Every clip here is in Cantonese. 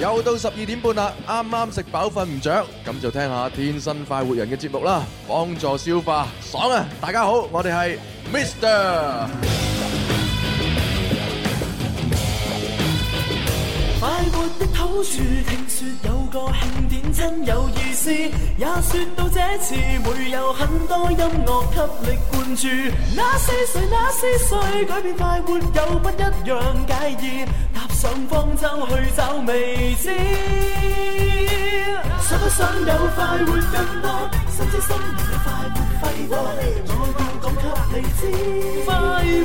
又到十二點半啦，啱啱食飽瞓唔着，咁就聽下天生快活人嘅節目啦，幫助消化，爽啊！大家好，我哋係 Mr。快活的好處，聽説有個慶典真有意思，也説到這次會有很多音樂給力灌注。那是誰？那是誰？改變快活有不一樣介意，踏上方舟去找未知想想。想不想有快活更多？深知新年嘅快活揮過，我要講給你知。快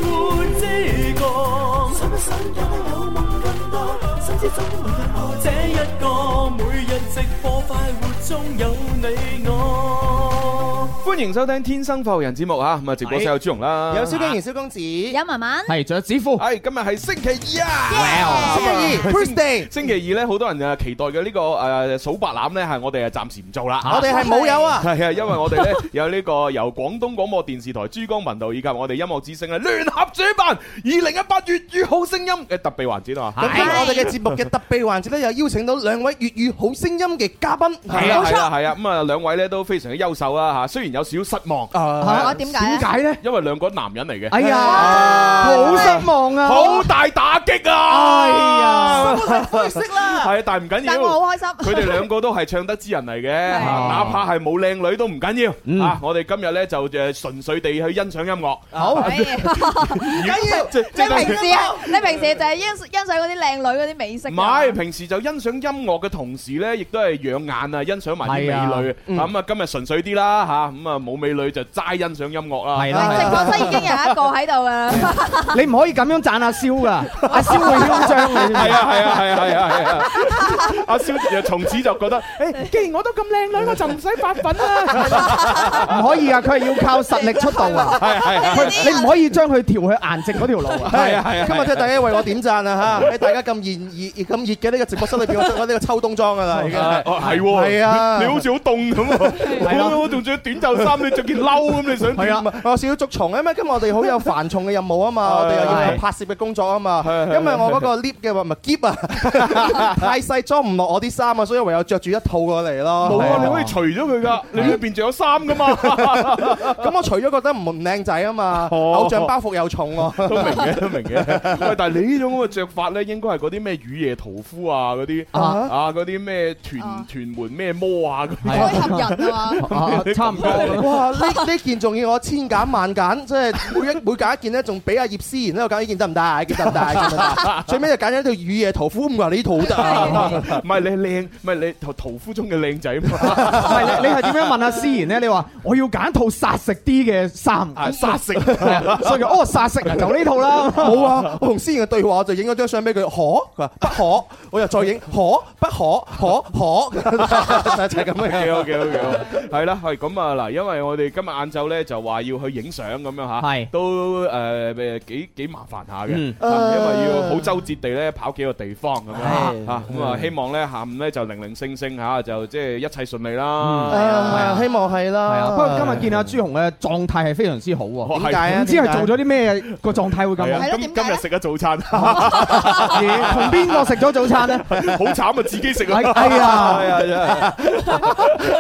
活之歌，想不想有夢更多？心之中每日播這一個每日直播快活中有你我。歡迎收聽《天生浮人》節目啊！咁啊，直播室有朱紅啦，有蕭敬盈、蕭公子，有文文，係仲有子夫。係今日係星期二啊！星期二星期二咧，好多人啊期待嘅呢個誒數白欖咧，係我哋啊暫時唔做啦。我哋係冇有啊？係啊，因為我哋咧有呢個由廣東廣播電視台珠江頻道以及我哋音樂之聲啊聯合主辦二零一八粵語好聲音嘅特別環節啊！咁啊，我哋嘅節目嘅特別環節咧，又邀請到兩位粵語好聲音嘅嘉賓。係啊，係啊，係啊！咁啊，兩位咧都非常之優秀啦吓，雖有少少失望，係啊？點解？點解咧？因為兩個男人嚟嘅。哎呀，好失望啊！好大打擊啊！哎呀，可惜啦。係，但係唔緊要。但係我好開心。佢哋兩個都係唱得之人嚟嘅，哪怕係冇靚女都唔緊要。啊，我哋今日咧就誒純粹地去欣賞音樂。好。唔緊要。即係平時，你平時就係欣欣賞嗰啲靚女嗰啲美色。唔係，平時就欣賞音樂嘅同時咧，亦都係養眼啊！欣賞埋啲美女。咁啊，今日純粹啲啦吓。咁啊，冇美女就齋欣賞音樂啦。係啦，直播室已經有一個喺度啦。你唔可以咁樣讚阿蕭噶。阿蕭會囂張嘅。係啊，係啊，係啊，係啊。阿蕭又從此就覺得，誒，既然我都咁靚女，我就唔使發奮啦。唔可以啊，佢係要靠實力出道啊。係係。佢你唔可以將佢調去顏值嗰條路啊。係啊係啊。今日即係大家為我點讚啊嚇！喺大家咁熱熱咁熱嘅呢個直播室裏邊，我著緊呢個秋冬裝噶啦，已經。哦，係喎。係啊。你好似好凍咁啊！我我仲著短。着衫你着件褸，咁你想點啊？我少捉蟲啊嘛，今日我哋好有繁重嘅任務啊嘛，我哋又有拍攝嘅工作啊嘛，因為我嗰個 lift 嘅話咪 keep 啊，太細裝唔落我啲衫啊，所以唯有着住一套過嚟咯。冇啊，你可以除咗佢噶，你裏邊仲有衫噶嘛。咁我除咗覺得唔唔靚仔啊嘛，偶像包袱又重喎。都明嘅，都明嘅。喂，但係你呢種嘅着法咧，應該係嗰啲咩雨夜屠夫啊，嗰啲啊嗰啲咩屯屯門咩魔啊，嗰啲。可以合人啊，差唔。哇！呢呢件仲要我千揀萬揀，即係每每揀一件咧，仲俾阿葉詩妍咧揀呢件得唔得？呢件得唔得？最尾就揀咗一套《雨夜屠夫》咁 啊！呢套好得，唔係你係靚，唔係你屠夫中嘅靚仔嘛？你你係點樣問阿詩妍咧？你話我要揀套殺食啲嘅衫，嗯、 殺食，所以哦殺食就呢、是、套啦。好、哦、啊，我同詩妍嘅對話，我就影咗張相俾佢，可佢話不可，我又再影可不可可可，就係咁啊！幾好係啦，係咁啊！ 嗱，因為我哋今日晏晝咧就話要去影相咁樣吓，都誒幾幾麻煩下嘅，因為要好周折地咧跑幾個地方咁樣吓。咁啊，希望咧下午咧就零零星星吓，就即係一切順利啦。係啊，係啊，希望係啦。不過今日見阿朱紅嘅狀態係非常之好喎，點解啊？唔知係做咗啲咩，個狀態會咁好。今日食咗早餐，同邊個食咗早餐咧？好慘啊，自己食啊！哎呀，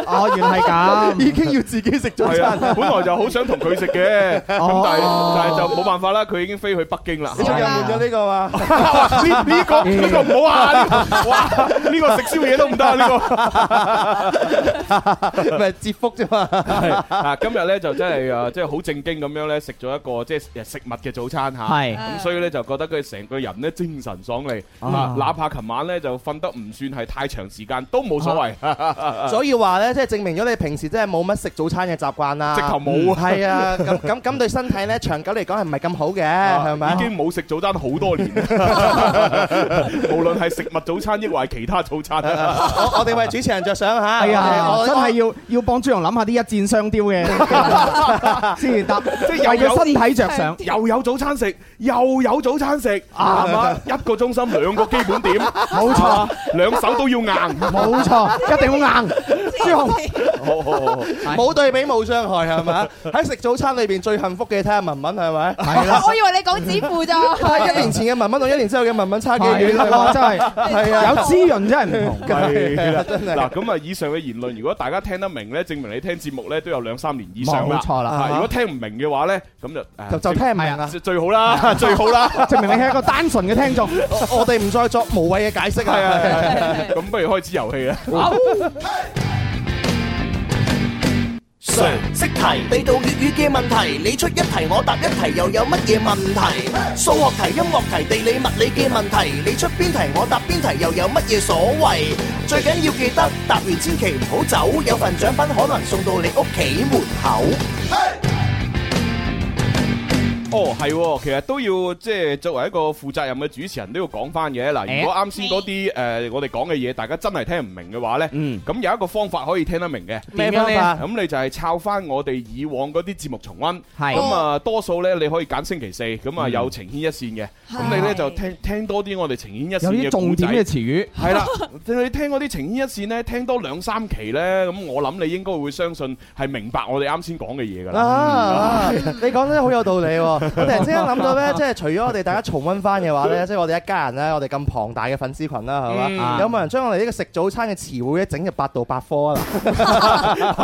哦，原來係咁，已經要。自己食早餐，本來就好想同佢食嘅，咁但係但係就冇辦法啦，佢已經飛去北京啦。出人門咗呢個嘛？呢呢個呢個唔好啊！呢個哇，呢個食宵夜都唔得啊！呢個咪接福啫嘛。啊，今日咧就真係誒，即係好正經咁樣咧食咗一個即係食物嘅早餐嚇。係咁，所以咧就覺得佢成個人咧精神爽利，啊，哪怕琴晚咧就瞓得唔算係太長時間都冇所謂。所以話咧，即係證明咗你平時真係冇乜食早餐嘅習慣啦，直頭冇啊，係啊，咁咁咁對身體咧，長久嚟講係唔係咁好嘅，係咪？已經冇食早餐好多年，無論係食物早餐抑或係其他早餐，我我哋為主持人着想嚇，係啊，真係要要幫朱紅諗下啲一箭雙雕嘅先答，又要身體着想，又有早餐食，又有早餐食，啱啊！一個中心兩個基本點，冇錯，兩手都要硬，冇錯，一定要硬，朱紅，好好好。冇對比冇傷害係咪？喺食早餐裏邊最幸福嘅睇下文文係咪？係啦，我以為你講子婦咋？一年前嘅文文同一年之後嘅文文差幾遠啦，真係係啊，有滋潤真係唔同，係啦，真係。嗱咁啊，以上嘅言論，如果大家聽得明咧，證明你聽節目咧都有兩三年以上啦。冇錯啦，如果聽唔明嘅話咧，咁就就聽埋人啦。最好啦，最好啦，證明你係一個單純嘅聽眾。我哋唔再作無謂嘅解釋。係啊，咁不如開始遊戲啊！常識題，地道粵語嘅問題，你出一題我答一題，又有乜嘢問題？數學題、音樂題、地理物理嘅問題，你出邊題我答邊題，又有乜嘢所謂？最緊要記得，答完千祈唔好走，有份獎品可能送到你屋企門口。Hey! 哦，係，其實都要即係作為一個負責任嘅主持人，都要講翻嘅。嗱，如果啱先嗰啲誒我哋講嘅嘢，大家真係聽唔明嘅話呢，咁有一個方法可以聽得明嘅。咩方法？咁你就係抄翻我哋以往嗰啲節目重温。咁啊，多數呢你可以揀星期四，咁啊有情牽一線嘅。咁你呢就聽聽多啲我哋情牽一線嘅。有啲重點嘅詞語。係啦，你聽嗰啲情牽一線呢，聽多兩三期呢，咁我諗你應該會相信係明白我哋啱先講嘅嘢噶啦。你講得好有道理。我突然之間諗到咧，即係除咗我哋大家重溫翻嘅話咧，即係我哋一家人咧，我哋咁龐大嘅粉絲群啦，係嘛？有冇人將我哋呢個食早餐嘅詞彙咧整入百度百科啊？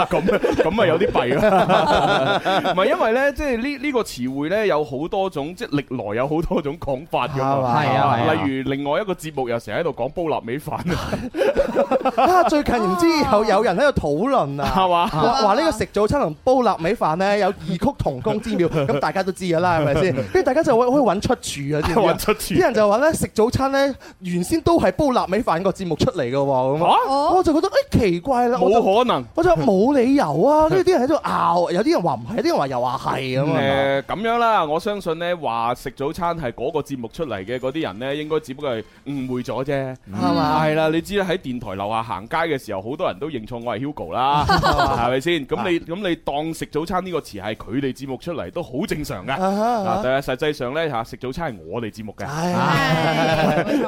咁咁啊有啲弊啦，唔係因為咧，即係呢呢個詞彙咧有好多種，即係歷來有好多種講法嘅嘛。係啊，例如另外一個節目又成日喺度講煲臘米飯臘味飯啊。最近唔知有有人喺度討論啊，係嘛？話呢個食早餐同煲臘味飯咧有異曲同工之妙，咁大家都知嘅啦。係咪先？跟住大家就可可以揾出處啊！揾出處，啲人就話咧食早餐咧，原先都係煲臘味飯個節目出嚟嘅喎。嚇！我就覺得誒奇怪啦，冇可能，我就冇理由啊。呢啲人喺度拗，有啲人話唔係，有啲人話又話係咁啊。誒咁樣啦，我相信咧話食早餐係嗰個節目出嚟嘅嗰啲人咧，應該只不過係誤會咗啫，係嘛？係啦，你知啦，喺電台樓下行街嘅時候，好多人都認錯我係 Hugo 啦，係咪先？咁你咁你當食早餐呢個詞係佢哋節目出嚟都好正常㗎。嗱，但係實際上咧嚇，食早餐係我哋節目嘅，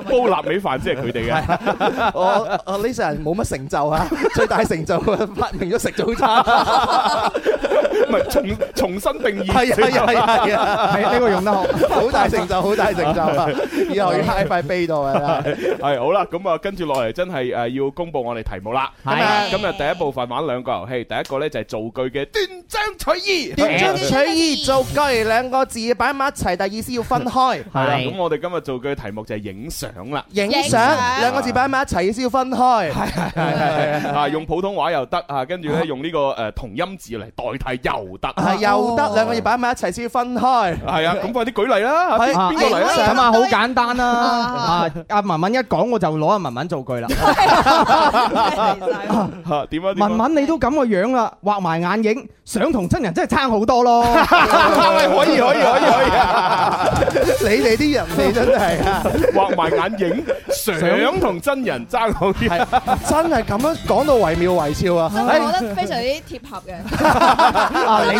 煲臘味飯先係佢哋嘅。我我 Lisa 冇乜成就啊，最大成就發明咗食早餐，唔係，重重新定義。係啊係啊係啊，呢個用得好，好大成就，好大成就啊！以後要 high 快飛到啊！係好啦，咁啊跟住落嚟真係誒要公布我哋題目啦。係啊，今日第一部分玩兩個遊戲，第一個咧就係造句嘅斷章取義，斷章取義造句兩。兩個字擺埋一齊，但意思要分開。係啦，咁我哋今日做句題目就係影相啦。影相兩個字擺埋一齊，先要分開。係係係啊，用普通話又得啊，跟住咧用呢個誒同音字嚟代替又得。係又得兩個字擺埋一齊，先要分開。係啊，咁快啲舉例啦，邊個嚟啊？咁啊，好簡單啊，阿文文一講我就攞阿文文做句啦。點樣啊？文文你都咁個樣啦，畫埋眼影，相同真人真係差好多咯。可以。可以可以可以啊！你哋啲人你真係啊，畫埋眼影，相同真人爭好啲，真係咁樣講到惟妙惟肖啊！我覺得非常之貼合嘅，啊你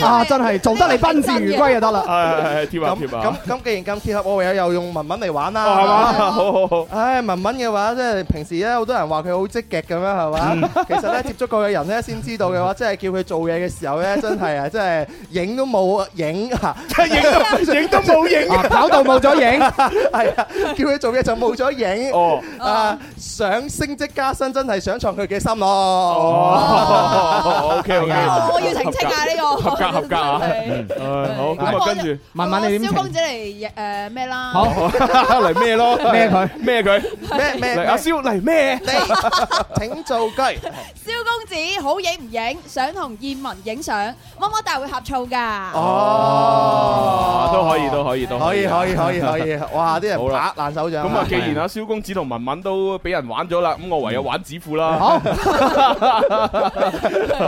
都啊真係做得你賓至如歸就得啦，係係貼啊貼啊！咁咁既然咁貼合，我唯有又用文文嚟玩啦，係嘛，好好好。唉，文文嘅話，即係平時咧，好多人話佢好積極咁樣，係嘛，其實咧接觸過嘅人咧，先知道嘅話，即係叫佢做嘢嘅時候咧，真係啊，即係影都冇影。影吓，即係影都影都冇影，跑道冇咗影，係啊！叫佢做嘢就冇咗影哦。啊，想升職加薪真係想創佢嘅心咯。哦，O K O K，我要澄清啊呢個合格合格啊。唉，好咁啊，跟住慢慢你點？蕭公子嚟誒咩啦？好嚟咩咯？咩佢咩佢咩咩？阿蕭嚟咩？你請做雞。蕭公子好影唔影？想同燕文影相，摸摸頭會呷醋噶。哦。哦，都可以，都可以，都可以，可以，可以，可以，可以，哇！啲人打爛手掌。咁啊，既然阿蕭公子同文文都俾人玩咗啦，咁我唯有玩指父啦。好，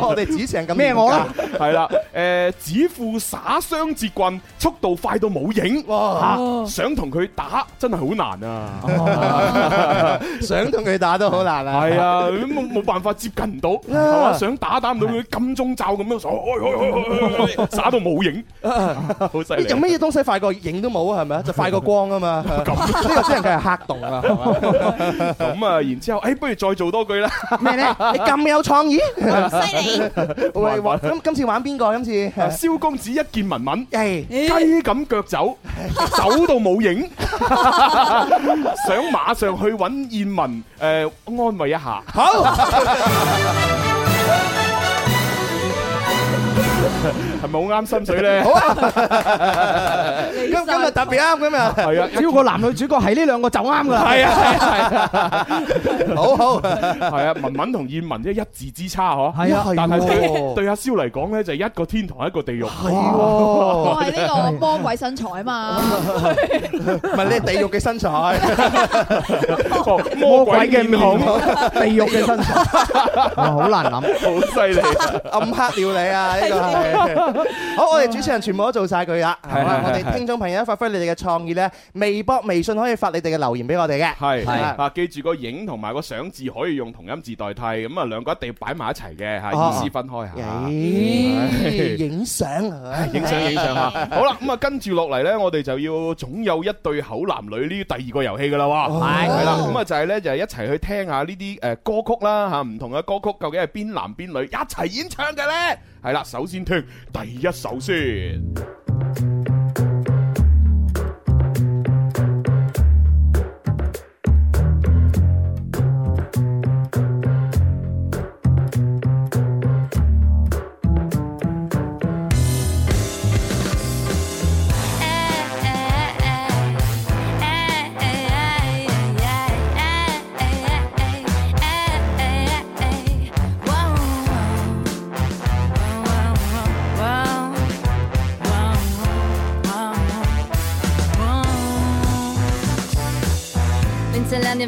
我哋只剩咁。咩我啦？係啦，誒，指父耍雙節棍，速度快到冇影，哇！想同佢打真係好難啊！想同佢打都好難啊！係啊，冇冇辦法接近唔到，係想打打唔到佢金鐘罩咁樣，傻耍到冇影。啊！好犀利！有咩嘢東西快過影都冇啊？係咪啊？就快過光啊嘛！咁呢個真係佢係黑洞啊！咁啊，然之後，誒，不如再做多句啦！咩咧？你咁有創意，犀利！喂，玩今今次玩邊個？今次蕭公子一見文文，哎，雞咁腳走，走到冇影，想馬上去揾燕文，誒，安慰一下，好。係咪好啱心水咧？好啊！今今日特別啱咁啊。係啊，只要個男女主角係呢兩個就啱噶。係啊，係啊，好好係啊，文文同燕文啫一字之差嗬。係啊，係。但係對阿蕭嚟講咧，就一個天堂，一個地獄。係，我係呢個魔鬼身材啊嘛。唔係，你係地獄嘅身材。魔鬼嘅面孔，地獄嘅身材，好難諗，好犀利，暗黑料理啊！呢個。好，我哋主持人全部都做晒佢啦，係嘛？我哋聽眾朋友都發揮你哋嘅創意咧，微博、微信可以發你哋嘅留言俾我哋嘅，係係啊，記住個影同埋個相字可以用同音字代替，咁啊兩個一定要擺埋一齊嘅，吓意思分開吓。咦，影相，影相，影相吓。好啦，咁啊跟住落嚟咧，我哋就要總有一對好男女呢第二個遊戲噶啦，哇，係啦，咁啊就係咧就係一齊去聽下呢啲誒歌曲啦吓，唔同嘅歌曲究竟係邊男邊女一齊演唱嘅咧。係啦，首先聽第一首先。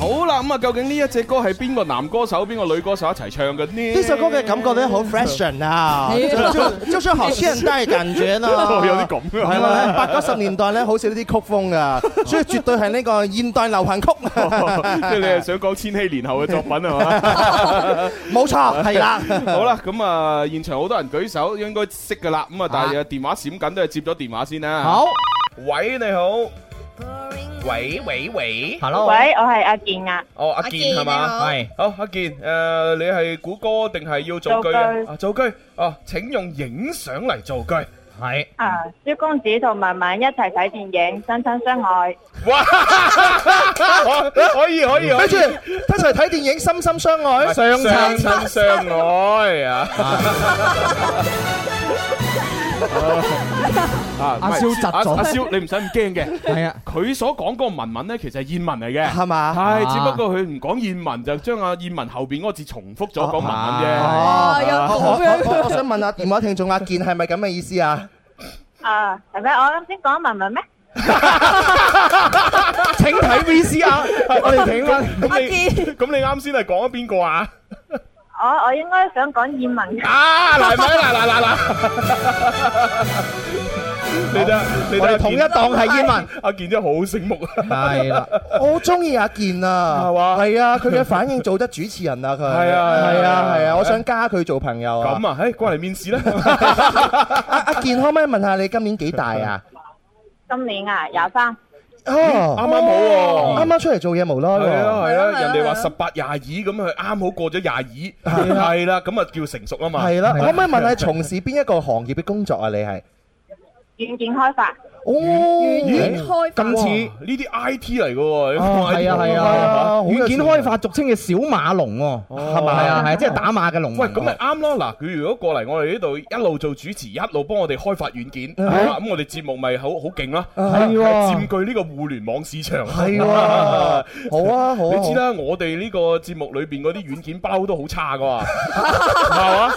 好啦，咁、嗯、啊，究竟呢一隻歌係邊個男歌手、邊個女歌手一齊唱嘅呢？呢首歌嘅感覺咧好 fashion 啊， 就就就，就，就 好現代感覺咯、啊， 有啲咁係咪？ 八九十年代咧，好少呢啲曲風噶， 所以絕對係呢個現代流行曲。即 係、 哦、你係想講千禧年後嘅作品係嘛？冇 錯， 係啦， 啦。好啦，咁、嗯、啊，現場好多人舉手，應該識噶啦。咁啊，但係電話閃緊，都係接咗電話先啦。好。喂，你好，喂喂喂，哈嘍，喂，我係阿健啊，哦，阿健係嘛？係，好，阿健，誒，你係估歌定係要做句啊？做句，哦，請用影相嚟做句，係，啊，朱公子同文文一齊睇電影，相親相愛，哇，可以可以，跟住，一齊睇電影，深深相愛，相親相愛啊。阿阿蕭窒咗，阿蕭你唔使咁驚嘅，係啊，佢所講嗰個文文咧，其實係燕文嚟嘅，係嘛？係只不過佢唔講燕文，就將阿燕文後邊嗰字重複咗講文文啫。啊呀，我想問下電話聽眾阿健係咪咁嘅意思啊？啊，係咪我啱先講文文咩？請睇 V C R，我哋請翻。阿健，咁你啱先係講咗邊個啊？我我應該想講燕文。啊，來咪啦啦啦啦！你哋你哋同一檔係燕文，阿健真好醒目啊！係啦，我好中意阿健啊，係嘛？係啊，佢嘅反應做得主持人啊，佢係啊係啊係啊，我想加佢做朋友啊。咁啊，誒，過嚟面試啦！阿健可唔可以問下你今年幾大啊？今年啊，廿三。哦，啱啱好，啱啱出嚟做嘢無啦啦，係啊係啊，人哋話十八廿二咁佢啱好過咗廿二，係啦，咁啊叫成熟啊嘛，係啦，可唔可以問下從事邊一個行業嘅工作啊？你係？軟件開發。哦，軟件開今次呢啲 I T 嚟嘅喎，係啊係啊，軟件開發俗稱嘅小馬龍喎，係咪啊係啊，即係打馬嘅龍。喂，咁咪啱咯嗱！佢如果過嚟我哋呢度一路做主持，一路幫我哋開發軟件，咁我哋節目咪好好勁咯，係喎，佔據呢個互聯網市場。係喎，好啊好！你知啦，我哋呢個節目裏邊嗰啲軟件包都好差嘅喎，係嘛？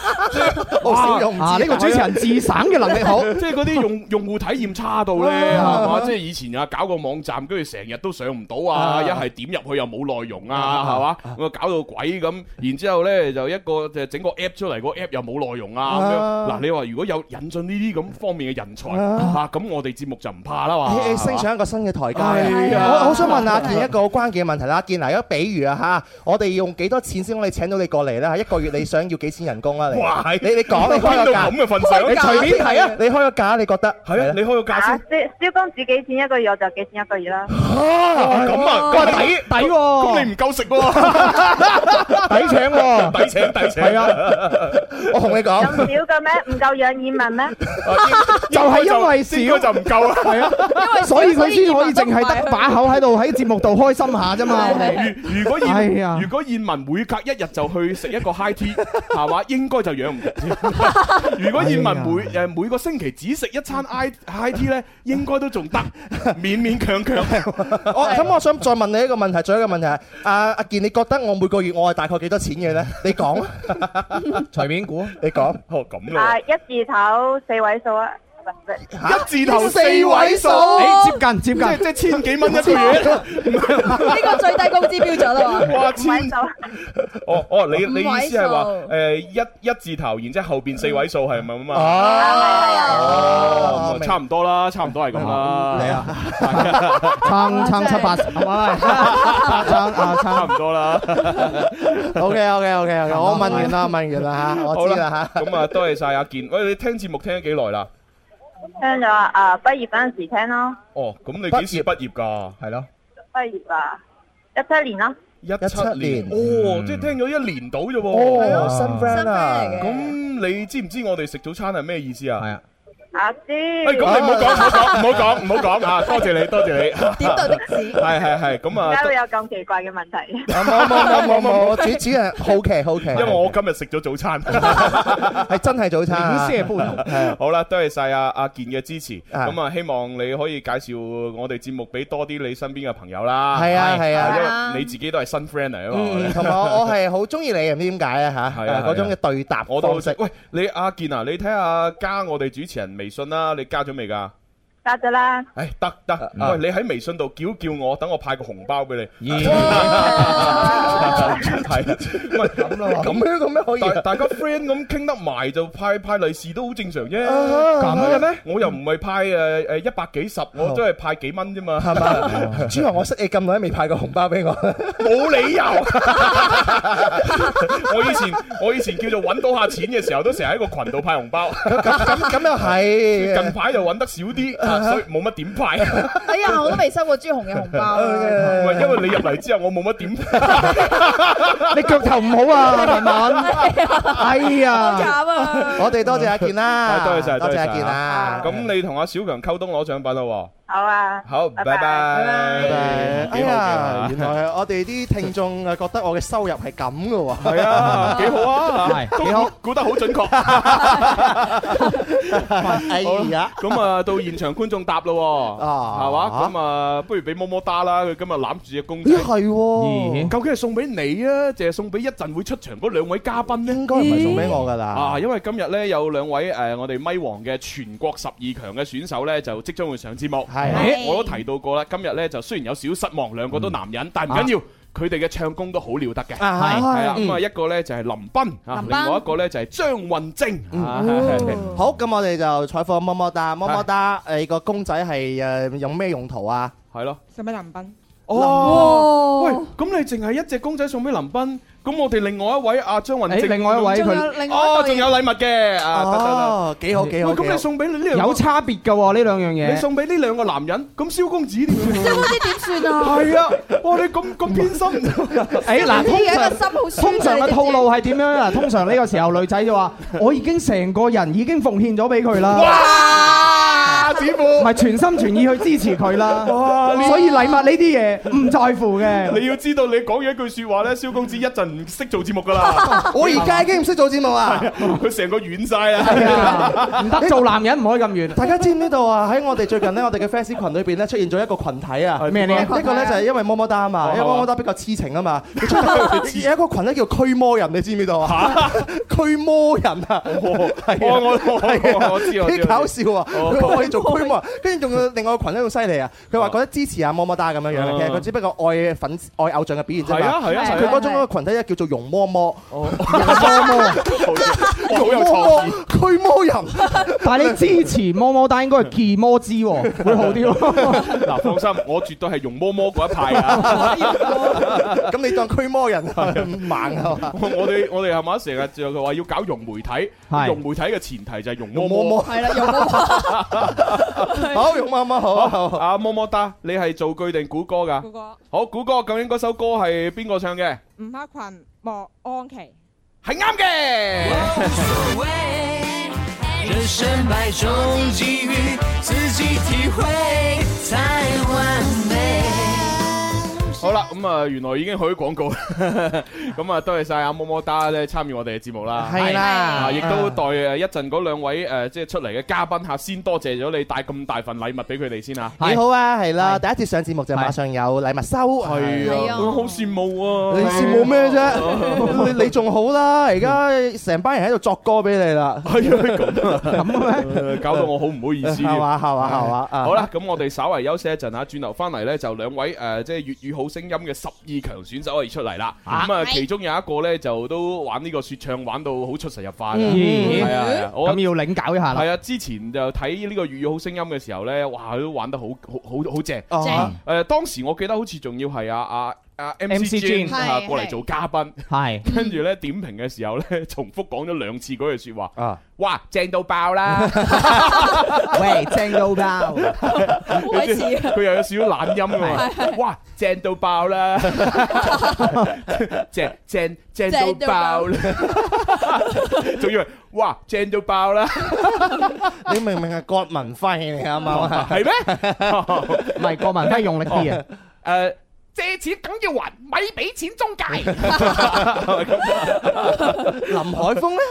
哇！啊，呢個主持人自省嘅能力好，即係嗰啲用用戶體驗差到～咧，係嘛？即係以前啊，搞個網站，跟住成日都上唔到啊！一係點入去又冇內容啊，係嘛？我搞到鬼咁，然之後咧就一個誒整個 app 出嚟，個 app 又冇內容啊咁樣。嗱，你話如果有引進呢啲咁方面嘅人才嚇，咁我哋節目就唔怕啦嘛。升上一個新嘅台階。我好想問阿健一個關鍵問題啦，健啊，如果比如啊嚇，我哋用幾多錢先可以請到你過嚟咧？一個月你想要幾錢人工啊？你你你講啊，開個價。開到咁嘅份上，你隨便提啊！你開個價，你覺得係啊？你開個價先。燒工資幾錢一個月我就幾錢一個月啦。哦，咁啊，咁啊抵抵喎。咁你唔夠食喎，抵請喎，抵請抵請啊！我同你講。咁少嘅咩？唔夠養燕文咩？就係因為少就唔夠啦。係啊，所以佢先可以淨係得把口喺度喺節目度開心下啫嘛。如果燕，係啊，如果燕文每隔一日就去食一個 high tea，係嘛？應該就養唔。如果燕文每誒每個星期只食一餐 i high tea 咧。應該都仲得，勉勉強強。我咁，我想再問你一個問題，最後一個問題係阿、啊、阿健，你覺得我每個月我係大概幾多錢嘅咧？你講， 隨便估，你講。 哦，咁樣、啊。一字頭四位數啊！一字頭四位數，你接近接近，即即千幾蚊一個月，呢個最低工資標準啦喎。哇，千哦哦，你你意思係話誒一一字頭，然之後後邊四位數係咪咁啊？哦，差唔多啦，差唔多係咁啦。你啊，差差七八十，差啊差唔多啦。OK，OK，OK，OK，我問完啦，問完啦吓，我知啦吓。咁啊，多謝晒阿健。喂，你聽節目聽咗幾耐啦？聽咗啊！畢業嗰陣時聽咯。哦，咁你幾時畢業噶？係咯。畢業啊！一七年咯。一七年。哦，嗯、即係聽咗一年到啫哦，新 friend 啊！咁、啊啊、你知唔知我哋食早餐係咩意思啊？係啊？我知，喂，咁你唔好講，唔好講，唔好講，唔好講啊！多謝你，多謝你。點到即止。係係係，咁啊，點解會有咁奇怪嘅問題？唔好唔好唔好唔好，我只係好奇好奇。因為我今日食咗早餐，係真係早餐，新鮮不同。好啦，多謝晒阿阿健嘅支持，咁啊，希望你可以介紹我哋節目俾多啲你身邊嘅朋友啦。係啊係啊，因為你自己都係新 friend 嚟啊嘛，同埋我係好中意你，唔知點解啊吓？係啊係啊，嗰種嘅對答我都好食。喂，你阿健啊，你睇下加我哋主持人微。微信啦，你加咗未噶？得啫啦！哎，得得，喂，你喺微信度叫叫我，等我派個紅包俾你。係，喂，咁樣咁樣可以？大家 friend 咁傾得埋，就派派利是都好正常啫。咁嘅咩？我又唔係派誒誒一百幾十，我都係派幾蚊啫嘛，係嘛？主要我識你咁耐都未派個紅包俾我，冇理由。我以前我以前叫做揾到下錢嘅時候，都成日喺個群度派紅包。咁咁又係，近排又揾得少啲。冇乜點派 ，哎呀，我都未收過朱紅嘅紅包，啊、 因為你入嚟之後，我冇乜點， 你腳頭唔好啊，文文， 哎呀，好慘 啊！我哋多謝阿健啦，多謝 多謝阿健啦！咁你同阿小強溝通攞獎品啦。 好啊！好，拜拜，拜拜，幾好啊！原來我哋啲聽眾啊，覺得我嘅收入係咁嘅喎，係啊，幾好啊，係，估估得好準確，哎呀，咁啊，到現場觀眾答咯，係嘛？咁啊，不如俾麼麼噠啦，佢今日攬住隻公仔係，究竟係送俾你啊，定係送俾一陣會出場嗰兩位嘉賓咧？應該唔係送俾我噶啦，啊，因為今日咧有兩位誒，我哋咪王嘅全國十二強嘅選手咧，就即將會上節目。係，我都提到過啦。今日咧就雖然有少少失望，兩個都男人，但唔緊要，佢哋嘅唱功都好了得嘅。係係啦，咁啊一個咧就係林斌，另外一個咧就係張運政。好，咁我哋就採訪乜乜嗒，乜乜嗒。誒個公仔係誒有咩用途啊？係咯，使乜林斌？哦，喂，咁你淨係一隻公仔送俾林斌？咁我哋另外一位阿張運政，誒，另外一位佢，哦，仲有禮物嘅，啊，幾好幾好，咁你送俾你呢兩有差別噶喎呢兩樣嘢，你送俾呢兩個男人，咁蕭公子點算？蕭公子點算啊？係啊，哇，你咁咁偏心，誒，嗱，通常嘅套路係點樣啊？通常呢個時候女仔就話，我已經成個人已經奉獻咗俾佢啦。唔係全心全意去支持佢啦，所以禮物呢啲嘢唔在乎嘅。你要知道，你講完一句説話咧，蕭公子一陣唔識做節目噶啦。我而家已經唔識做節目啊，佢成個軟晒啊，唔得做男人唔可以咁軟。大家知唔知道啊？喺我哋最近呢，我哋嘅 fans 群裏邊咧出現咗一個群體啊。係咩呢？一個咧就係因為麼么噠啊嘛，因為麼么噠比較痴情啊嘛。佢有一個群咧叫驅魔人，你知唔知道啊？驅魔人啊，我我我我我知，幾搞笑啊！跟住仲有另外個羣體好犀利啊！佢話覺得支持阿摩摩 Da 咁樣樣，其實佢只不過愛粉愛偶像嘅表現啫。係啊係啊，佢嗰種嗰個羣體咧叫做容摩摩。容摩摩，好有創意。驅魔人，但係你支持摩摩 Da 應該係劍魔之王會好啲喎。嗱，放心，我絕對係容摩摩嗰一派啊。咁你當驅魔人猛啊！我哋我哋係咪成日就話要搞融媒體，融媒體嘅前提就係容摩摩。係啦， 對好，咁麼麼好，阿麼么噠，你係做句定估歌噶？估歌哥，好估歌，究竟嗰首歌係邊個唱嘅？吳克群莫安琪，係啱嘅。好啦，咁啊，原來已經去咗廣告，咁啊，多謝曬阿麼麼噠咧參與我哋嘅節目啦，係啦，亦都代一陣嗰兩位誒，即係出嚟嘅嘉賓嚇，先多謝咗你帶咁大份禮物俾佢哋先啊，你好啊，係啦，第一次上節目就馬上有禮物收，係啊，好羨慕啊，你羨慕咩啫？你你仲好啦，而家成班人喺度作歌俾你啦，係啊，咁啊，咁咩？搞到我好唔好意思，係嘛，係嘛，係嘛，好啦，咁我哋稍為休息一陣嚇，轉頭翻嚟咧就兩位誒，即係粵語好。聲音嘅十二強選手啊，而出嚟啦，咁啊，其中有一個咧就都玩呢個說唱玩到好出神入化嘅，係、嗯、啊，咁、啊嗯、我要領教一下啦。係啊，之前就睇呢個粵語好聲音嘅時候咧，哇，佢都玩得好好好好正。啊、正誒、呃，當時我記得好似仲要係啊啊。啊啊，MC Jin 啊，過嚟做嘉賓，係跟住咧點評嘅時候咧，重複講咗兩次嗰句說話，啊，哇，正到爆啦，喂，正到爆，佢又有少少懶音啊嘛，哇，正到爆啦，正正正到爆啦，仲以為，哇，正到爆啦，你明明係葛民輝嚟啊嘛，係咩？唔係葛民輝用力啲啊，誒。借錢梗要還，咪俾錢中介。 林海峰咧，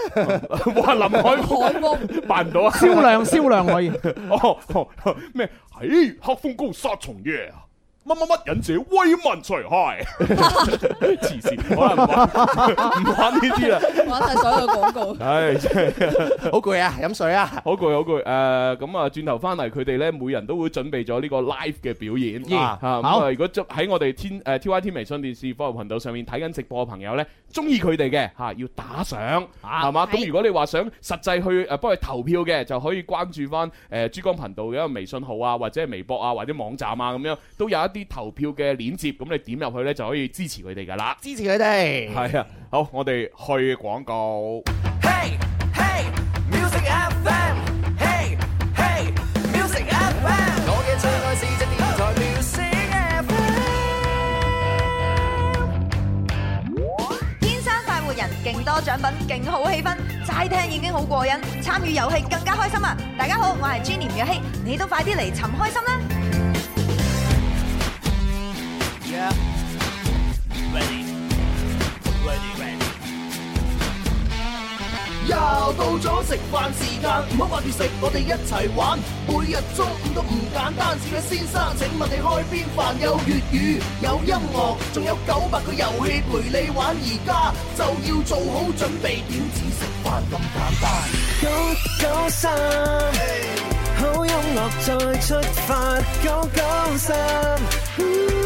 話 林海峰 辦唔到啊，銷量銷量，可以。咩喺、 哦哦哎、黑風高殺蟲藥、yeah 乜乜乜忍者威文除害，慈善唔可能玩，唔 玩呢啲啦，玩晒 所有廣告。唉， 好攰啊，飲水啊，好攰好攰。誒、呃，咁啊，轉頭翻嚟，佢哋咧每人都會準備咗呢個 live 嘅表演。Yeah, 啊，好。咁啊、嗯，如果喺我哋天誒 T Y T, T、M、微信電視科務頻道上面睇緊直播嘅朋友咧，中意佢哋嘅吓，要打賞，係嘛？咁如果你話想實際去誒幫佢投票嘅，就可以關注翻誒珠江頻道嘅一個微信號啊，或者係微博啊，或者網站啊，咁樣都有一，啲投票嘅鏈接，咁你點入去咧就可以支持佢哋噶啦，支持佢哋。係啊，好，我哋去廣告。Hey, hey, Music FM Hey, hey, Music FM 我嘅窗外是隻電台，Music FM 天生快活人，勁多獎品，勁好氣氛，齋聽已經好過癮，參與遊戲更加開心啊！大家好，我係 Jenny 若希，你都快啲嚟尋開心啦！又、yeah. 到咗食飯時間，唔好掛住食，我哋一齊玩。每日中午都唔簡單，是位先生，請問你開邊飯？有粵語，有音樂，仲有九百個遊戲陪你玩。而家就要做好準備，點止食飯咁簡單？九九三，好音樂再出發，九九三。Hmm.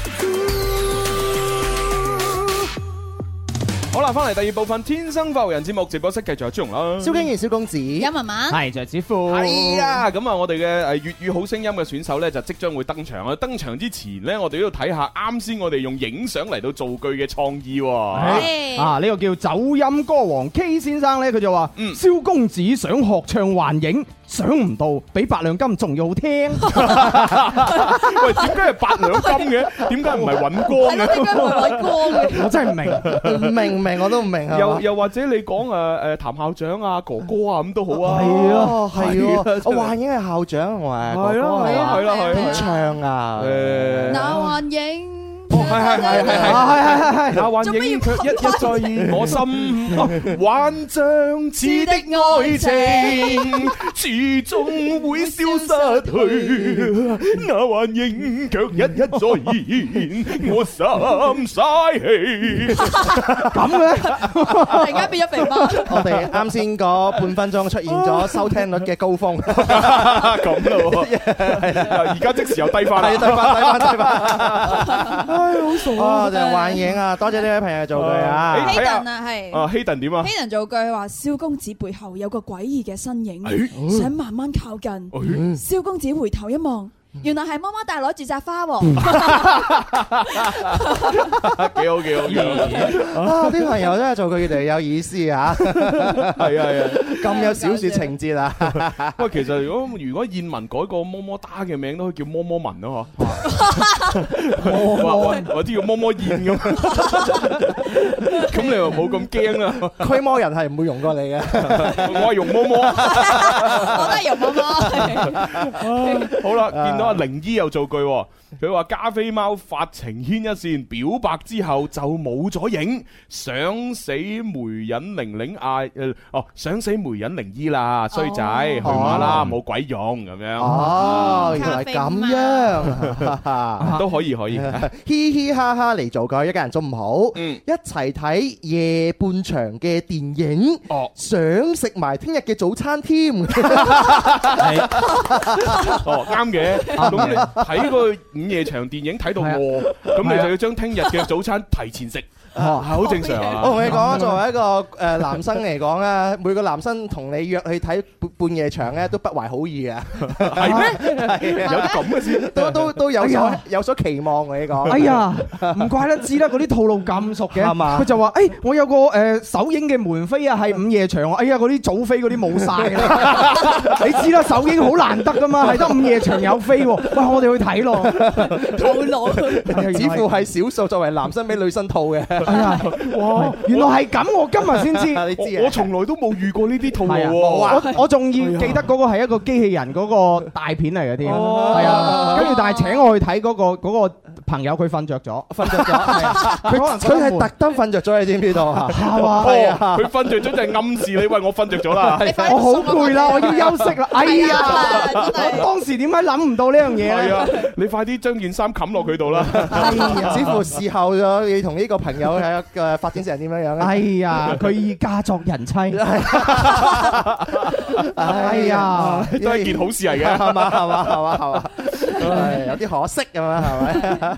好啦，翻嚟第二部分《天生發人》節目直播室，繼續有朱紅啦，蕭敬堯、蕭公子、音文文，係就係子富，係啊，咁啊，我哋嘅誒粵語好聲音嘅選手咧，就即將會登場啊！登場之前咧，我哋都要睇下啱先我哋用影相嚟到造句嘅創意。係啊，呢、啊啊這個叫走音歌王 K 先生咧，佢就話蕭、嗯、公子想學唱幻影。想唔到，比八兩金仲要好聽。喂，點解係八兩金嘅？點解唔係尹光嘅？點解唔係尹光嘅？我真係唔明，明唔明我都唔明啊！又又或者你講誒誒，譚校長啊，哥哥啊咁都好啊！係啊，係啊！幻影係校長同埋哥哥，係咯係咯係咯係咯，唱啊！嗱，幻影。係係係係係係係係係，那幻影却一一再現我心，幻象似的愛情，始終會消失去。那幻影却一一再現我心，嘥氣咁嘅，突然間變咗平方。我哋啱先嗰半分鐘出現咗收聽率嘅高峰，咁咯，係啦，而家即時又低翻啦，低翻低翻低翻。哦，就係幻影啊！多謝呢位朋友做句啊，希頓啊，係哦，希頓點啊？希頓做句話：蕭公子背後有個詭異嘅身影，想慢慢靠近。蕭公子回頭一望，原來係媽媽大攞住紮花王。幾好幾好幾好啊！啲朋友真係做句越嚟越有意思啊！係啊係啊。咁有小說情節啊！喂，其實如果如果燕文改個魔魔嗒嘅名，都可以叫魔魔文咯嗬。魔魔文，我都要魔魔燕咁。咁你又冇咁驚啊？驅魔人係唔會容過你嘅，我係用魔魔。我都用魔魔。好啦，見到阿靈依又做句，佢話加菲貓發情牽一線，表白之後就冇咗影，想死媒人玲玲嗌！誒哦，想死梅。陪引靈醫啦，衰仔，去馬啦，冇鬼用咁樣。哦，原來咁樣，都可以，可以，嘻嘻哈哈嚟，做佢，一家人做唔好，嗯，一齊睇夜半場嘅電影，哦，想食埋聽日嘅早餐添，係，哦，啱嘅，咁你睇個午夜場電影睇到餓，咁你就要將聽日嘅早餐提前食。哦，係好正常。啊，我同你講，作為一個誒男生嚟講咧，每個男生同你約去睇半夜場咧，都不懷好意嘅。係，有啲咁嘅事都都都有有所期望嘅呢個。哎呀，唔怪得知啦，嗰啲套路咁熟嘅係嘛？佢就話：誒，我有個誒首映嘅門飛啊，係午夜場。哎呀，嗰啲早飛嗰啲冇晒啦。你知啦，首映好難得噶嘛，係得午夜場有飛。喂，我哋去睇咯，套路。似乎係少數作為男生俾女生套嘅。係啊！哇， 原來係咁，我今日先知。我，我從來都冇遇過呢啲套路我、啊、我仲要記得嗰個係一個機器人嗰個大片嚟嘅添。係、哦、啊，跟住但係請我去睇嗰個嗰個，嗰個朋友佢瞓著咗，瞓著咗，佢可能佢係特登瞓著咗，你知唔知道？係啊，佢瞓著咗就係暗示你，喂，我瞓著咗啦，我好攰啦，我要休息啦。哎呀，當時點解諗唔到呢樣嘢咧？你快啲將件衫冚落佢度啦！啊，似乎事後咗，你同呢個朋友係誒發展成點樣樣咧？哎呀，佢已嫁作人妻。哎呀，都係件好事嚟嘅，係嘛？係嘛？係嘛？係嘛？有啲可惜咁樣，係咪？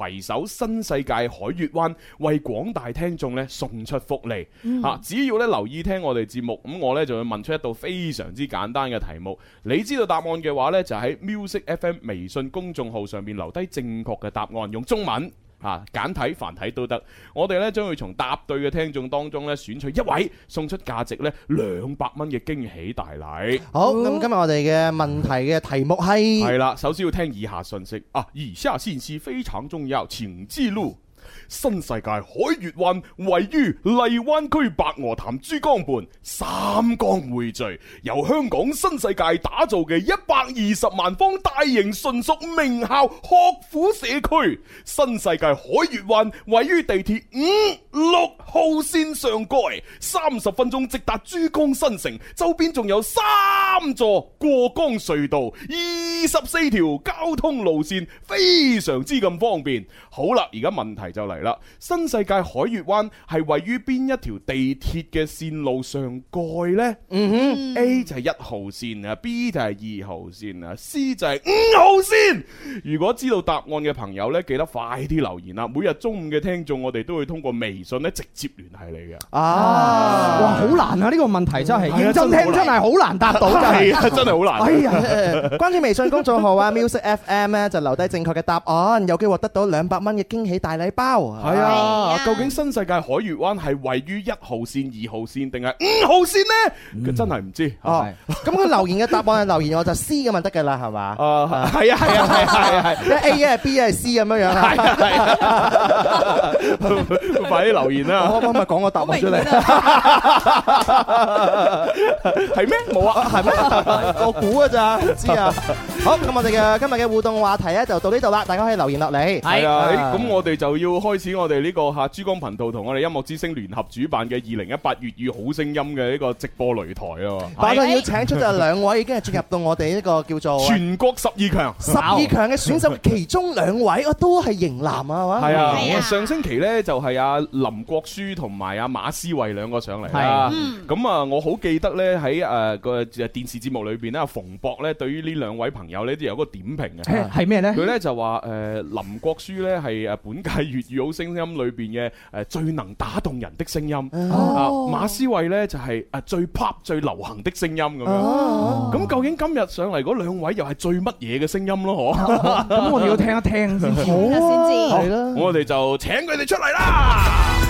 攜手新世界海月灣，為廣大聽眾咧送出福利吓。嗯、只要咧留意聽我哋節目，咁我咧就會問出一道非常之簡單嘅題目。你知道答案嘅話咧，就喺 Music FM 微信公眾號上面留低正確嘅答案，用中文。吓簡體繁體都得，我哋咧將會從答對嘅聽眾當中咧選取一位送出價值咧兩百蚊嘅驚喜大禮。好，咁、嗯、今日我哋嘅問題嘅題目係係啦，首先要聽以下信息啊，以下信息非常重要，請記錄。新世界海月灣位於荔灣區白鵝潭珠江畔，三江匯聚，由香港新世界打造嘅一百二十萬方大型純屬名校學府社區。新世界海月灣位於地鐵五六號綫上蓋，三十分鐘直達珠江新城，周邊仲有三座過江隧道，二十四條交通路綫，非常之咁方便。好啦，而家問題就是。又嚟啦！新世界海月灣係位於邊一條地鐵嘅線路上蓋呢？嗯哼，A 就係一號線啊，B 就係二號線啊，C 就係五號線。如果知道答案嘅朋友呢，記得快啲留言啦！每日中午嘅聽眾，我哋都會通過微信咧直接聯繫你嘅。啊，哇，好難啊！呢、這個問題真係、啊、認真聽真係好難答到，真係好、 啊、難哎哎哎。哎呀，關注微信公眾號啊 ，Music FM 咧就留低正確嘅答案，有機會得到兩百蚊嘅驚喜大禮包。係啊，究竟新世界海月灣係位於一號線、二號線定係五號線呢？佢真係唔知啊。咁佢留言嘅答案，係留言我就 C 咁就得噶啦，係嘛？哦，係啊，係啊，係啊，係。啊。即係 A 一 B 一 C 咁樣樣啊。係，快啲留言啦！我我咪講個答案出嚟，係咩？冇啊，係咩？我估噶咋，唔知啊。好，咁我哋嘅今日嘅互動話題咧就到呢度啦，大家可以留言落嚟。係啊，咁我哋就要。要開始我哋呢個嚇珠江頻道，同我哋音樂之聲聯合主辦嘅二零一八粵語好聲音嘅呢個直播擂台啊！擺明、哎哎、要請出就兩位，已經係進入到我哋呢個叫做全國十二強，十二強嘅選手、哦、其中兩位我都係型男啊嘛！啊，啊啊啊上星期呢就係阿林國書同埋阿馬思維兩個上嚟啦。咁、嗯、啊，我好記得呢，喺誒個電視節目裏邊呢，阿馮博呢對於呢兩位朋友呢都有個點評嘅，係咩、哎、呢？佢呢就話誒、uh, 林國書呢係誒本屆粵。粵語好聲音裏邊嘅誒最能打動人的聲音，oh. 啊馬思慧呢就係、是、誒最 pop 最流行的聲音咁樣，咁、oh. 究竟今日上嚟嗰兩位又係最乜嘢嘅聲音咯？嗬，咁我哋要聽一聽先，知好啦我哋就請佢哋出嚟啦。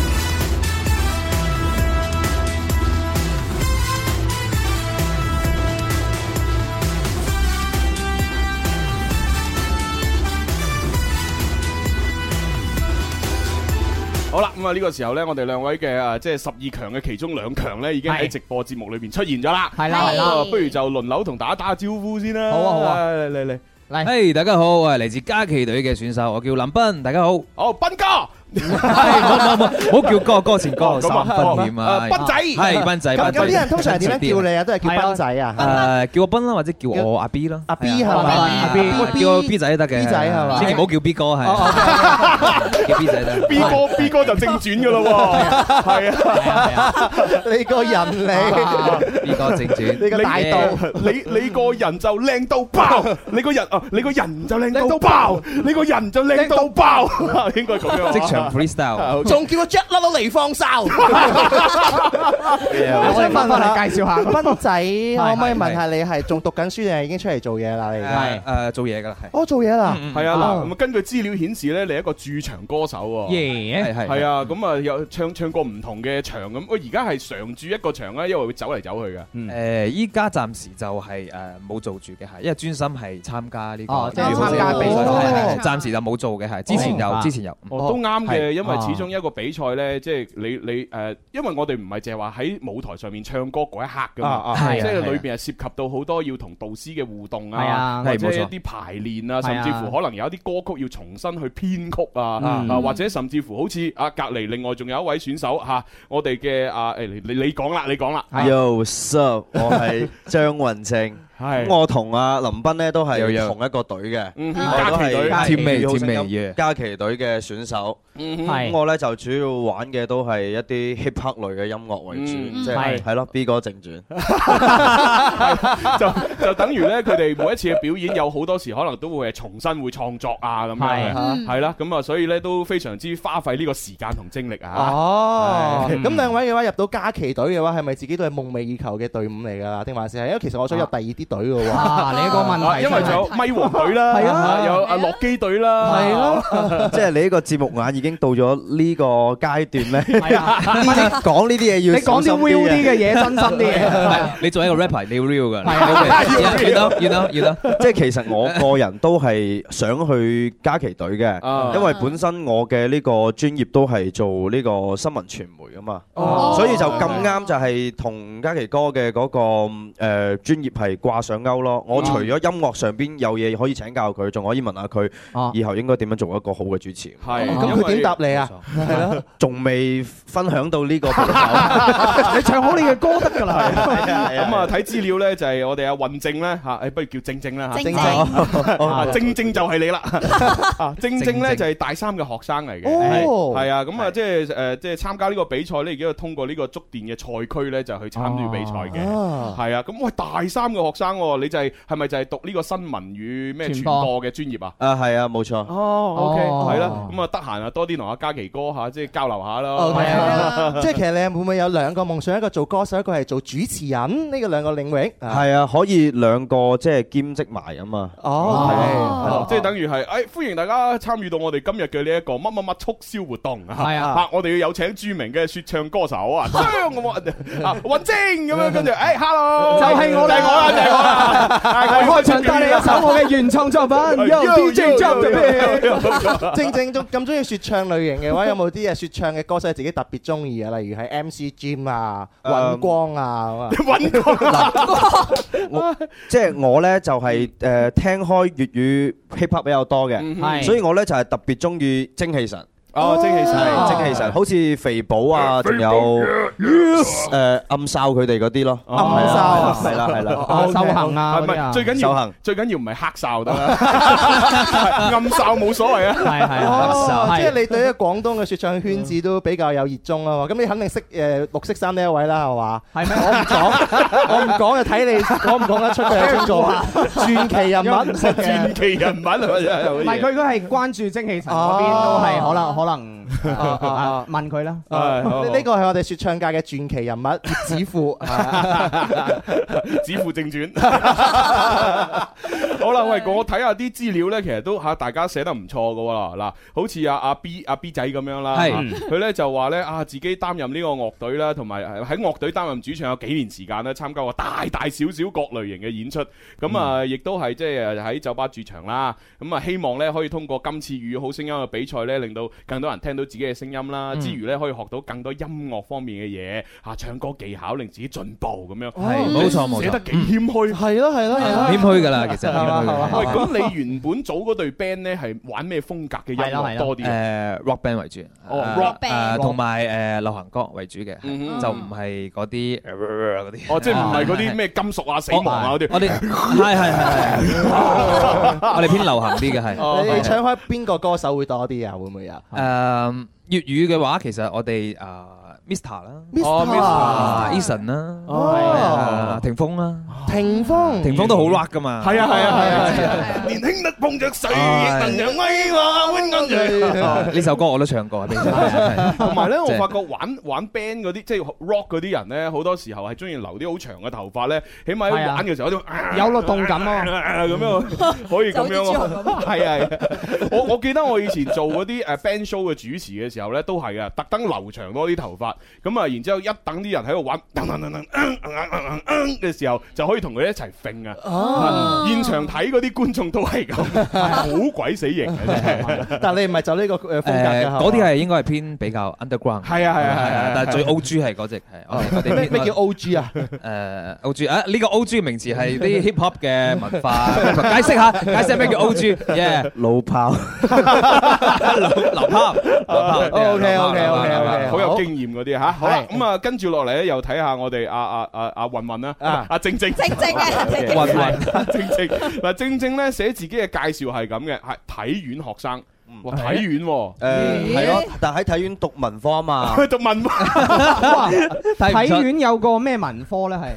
好啦，咁啊呢個時候呢，我哋兩位嘅啊、呃、即係十二強嘅其中兩強呢，已經喺直播節目裏邊出現咗啦。係啦，係啦，不如就輪流同大家打下招呼先啦。好啊，好啊，嚟嚟嚟。嘿，來 hey, 大家好，我係嚟自加奇隊嘅選手，我叫林斌。大家好，好，斌哥。唔好叫哥，哥前哥，不掂啊！斌仔係斌仔。咁咁啲人通常點樣叫你啊？都係叫斌仔啊！誒，叫斌啦，或者叫我阿 B 囉。阿 B 係嘛？阿 B，叫個 B 仔都得嘅。B 仔係嘛？千祈唔好叫 B 哥，係叫 B 仔得。B 哥，B 哥就正轉噶啦！係啊，你個人你，依個正轉，你個大道，你你個人就靚到爆！你個人啊，你個人就靚到爆！你個人就靚到爆！應該咁樣。即場。freestyle，仲叫我 jack 甩嚟放哨。我嚟問下嚟介紹下，斌仔可唔可以問下你係仲讀緊書定係已經出嚟做嘢啦？你而家係誒做嘢噶，係我做嘢啦。係啊，嗱咁啊，根據資料顯示咧，你係一個駐場歌手喎。係係啊，咁啊又唱唱過唔同嘅場咁。我而家係常駐一個場啊，因為會走嚟走去噶。誒依家暫時就係誒冇做住嘅係，因為專心係參加呢個即係參加比賽。係暫時就冇做嘅係，之前有之前有。都啱。嘅，因為始終一個比賽咧，即係你你誒，因為我哋唔係淨係話喺舞台上面唱歌嗰一刻噶嘛，即係裏邊係涉及到好多要同導師嘅互動啊，即係一啲排練啊，甚至乎可能有一啲歌曲要重新去編曲啊，或者甚至乎好似啊隔籬，另外仲有一位選手嚇，我哋嘅啊誒你你講啦，你講啦。Yo sir，我係張運政，咁我同阿林斌咧都係同一個隊嘅，嘉琪隊，甜美甜美嘅嘉琪隊嘅選手。嗯，我咧就主要玩嘅都係一啲 hip hop 類嘅音樂為主，即係係咯 B 哥正傳，就就等於咧佢哋每一次嘅表演有好多時可能都會係重新會創作啊咁樣，係啦，咁啊所以咧都非常之花費呢個時間同精力啊。哦，咁兩位嘅話入到加奇隊嘅話，係咪自己都係夢寐以求嘅隊伍嚟噶啦？定還是係因為其實我想入第二啲隊嘅喎？啊，你一個問題，因為仲有咪王隊啦，係啊，有阿洛基隊啦，係啦，即係你呢個節目眼已經。到咗呢個階段咧，講呢啲嘢要你講啲 real 啲嘅嘢，真心啲嘢。你做一個 rapper，你 real 㗎。係，熱咯，熱咯，熱咯，熱咯。即係其實我個人都係想去嘉琪隊嘅，因為本身我嘅呢個專業都係做呢個新聞傳媒啊嘛，所以就咁啱就係同嘉琪哥嘅嗰個誒專業係掛上勾咯。我除咗音樂上邊有嘢可以請教佢，仲可以問下佢以後應該點樣做一個好嘅主持。係咁佢。點答你啊？係咯，仲未分享到呢個步驟。你唱好你嘅歌得噶啦，係啊。咁啊，睇資料咧就係我哋啊運政咧吓，誒，不如叫政政啦吓。政政！政政就係你啦。政政咧就係大三嘅學生嚟嘅。哦，係啊。咁啊，即係誒，即係參加呢個比賽咧，而家就通過呢個竹電嘅賽區咧，就去參與比賽嘅。哦，係啊。咁喂，大三嘅學生，你就係係咪就係讀呢個新聞與咩傳播嘅專業啊？啊，係啊，冇錯。哦，OK，係啦。咁啊，得閒啊。多啲同阿嘉琪哥吓，即係交流下啦。即係其實你會唔會有兩個夢想，一個做歌手，一個係做主持人呢個兩個領域？係啊，可以兩個即係兼職埋啊嘛。哦，即係等於係，誒歡迎大家參與到我哋今日嘅呢一個乜乜乜促銷活動。係啊，吓，我哋要有請著名嘅說唱歌手啊，運政咁樣跟住，誒，Hello，就係我，就係我我就係我，係我唱多你一首我嘅原創作品，D J 作正正中咁中意說唱。唱類型嘅話，有冇啲啊說唱嘅歌手係自己特別中意啊？例如係 MC g m 啊、揾、呃、光啊咁 啊。揾 我即係、就是、我咧就係、是、誒聽開粵語 hip hop 比較多嘅，mm hmm. 所以我咧就係、是、特別中意精氣神。啊，蒸氣神，蒸氣神好似肥寶啊，仲有誒，暗哨，佢哋嗰啲暗哨可能問佢啦，呢個係我哋説唱界嘅傳奇人物指子富，子富正傳 好吧。好啦，喂，我睇下啲資料呢，其實都嚇大家寫得唔錯噶喎。嗱，好似阿阿 B 阿 B 仔咁樣啦，佢呢就話呢，啊，自己擔任呢個樂隊啦，同埋喺樂隊擔任主唱有幾年時間呢，參加過大大小小各類型嘅演出，咁啊，亦都係即係喺酒吧駐場啦。咁啊，希望呢，可以通過今次《粵語好聲音》嘅比賽呢，令到，更多人聽到自己嘅聲音啦，之餘咧可以學到更多音樂方面嘅嘢，嚇唱歌技巧令自己進步咁樣。冇錯冇錯，寫得幾謙虛。係咯係咯，謙虛㗎啦其實。咁你原本組嗰隊 band 咧係玩咩風格嘅音樂多啲？誒 rock band 為主，rock band 同埋誒流行歌為主嘅，就唔係嗰啲嗰啲。哦，即係唔係嗰啲咩金屬啊、死亡啊嗰啲？我哋係係係係，我哋偏流行啲嘅係。你唱開邊個歌手會多啲啊？會唔會啊？誒，粵語嘅話，um，其實我哋誒。Uh Mister 啦，Eason 啦，哦，霆鋒啦，霆鋒，霆鋒都好 rock 噶嘛，係啊係啊係啊，年輕得碰着誰亦能揚威，哇！溫江泉呢首歌我都唱過，同埋咧，我發覺玩玩 band 嗰啲即係 rock 嗰啲人咧，好多時候係中意留啲好長嘅頭髮咧，起碼玩嘅時候有咯律動感咯，咁樣可以咁樣，係啊，我我記得我以前做嗰啲誒 band show 嘅主持嘅時候咧，都係啊，特登留長多啲頭髮。咁啊，然之後一等啲人喺度玩，嘅時候就可以同佢一齊揈啊！現場睇嗰啲觀眾都係咁，好鬼死型嘅啫。但係你唔係就呢個風格啊？嗰啲係應該係偏比較 underground。係啊係啊係啊！但係最 O.G. 係嗰隻係我哋咩叫 O.G. 啊？誒 O.G. 啊？呢個 O.G. 嘅名詞係啲 hip-hop 嘅文化。解釋下，解釋下咩叫 O.G.？耶老炮，老炮，老炮。O.K.O.K.O.K. 好有經驗嗰啲。吓，好啦咁啊！跟住落嚟咧，又睇下我哋阿阿阿阿云云啦，阿正正正正啊，云云正正嗱，正正咧寫自己嘅介紹係咁嘅，係體院學生，哇體院誒係咯，但喺體院讀文科啊嘛，讀文科，體院有個咩文科咧？係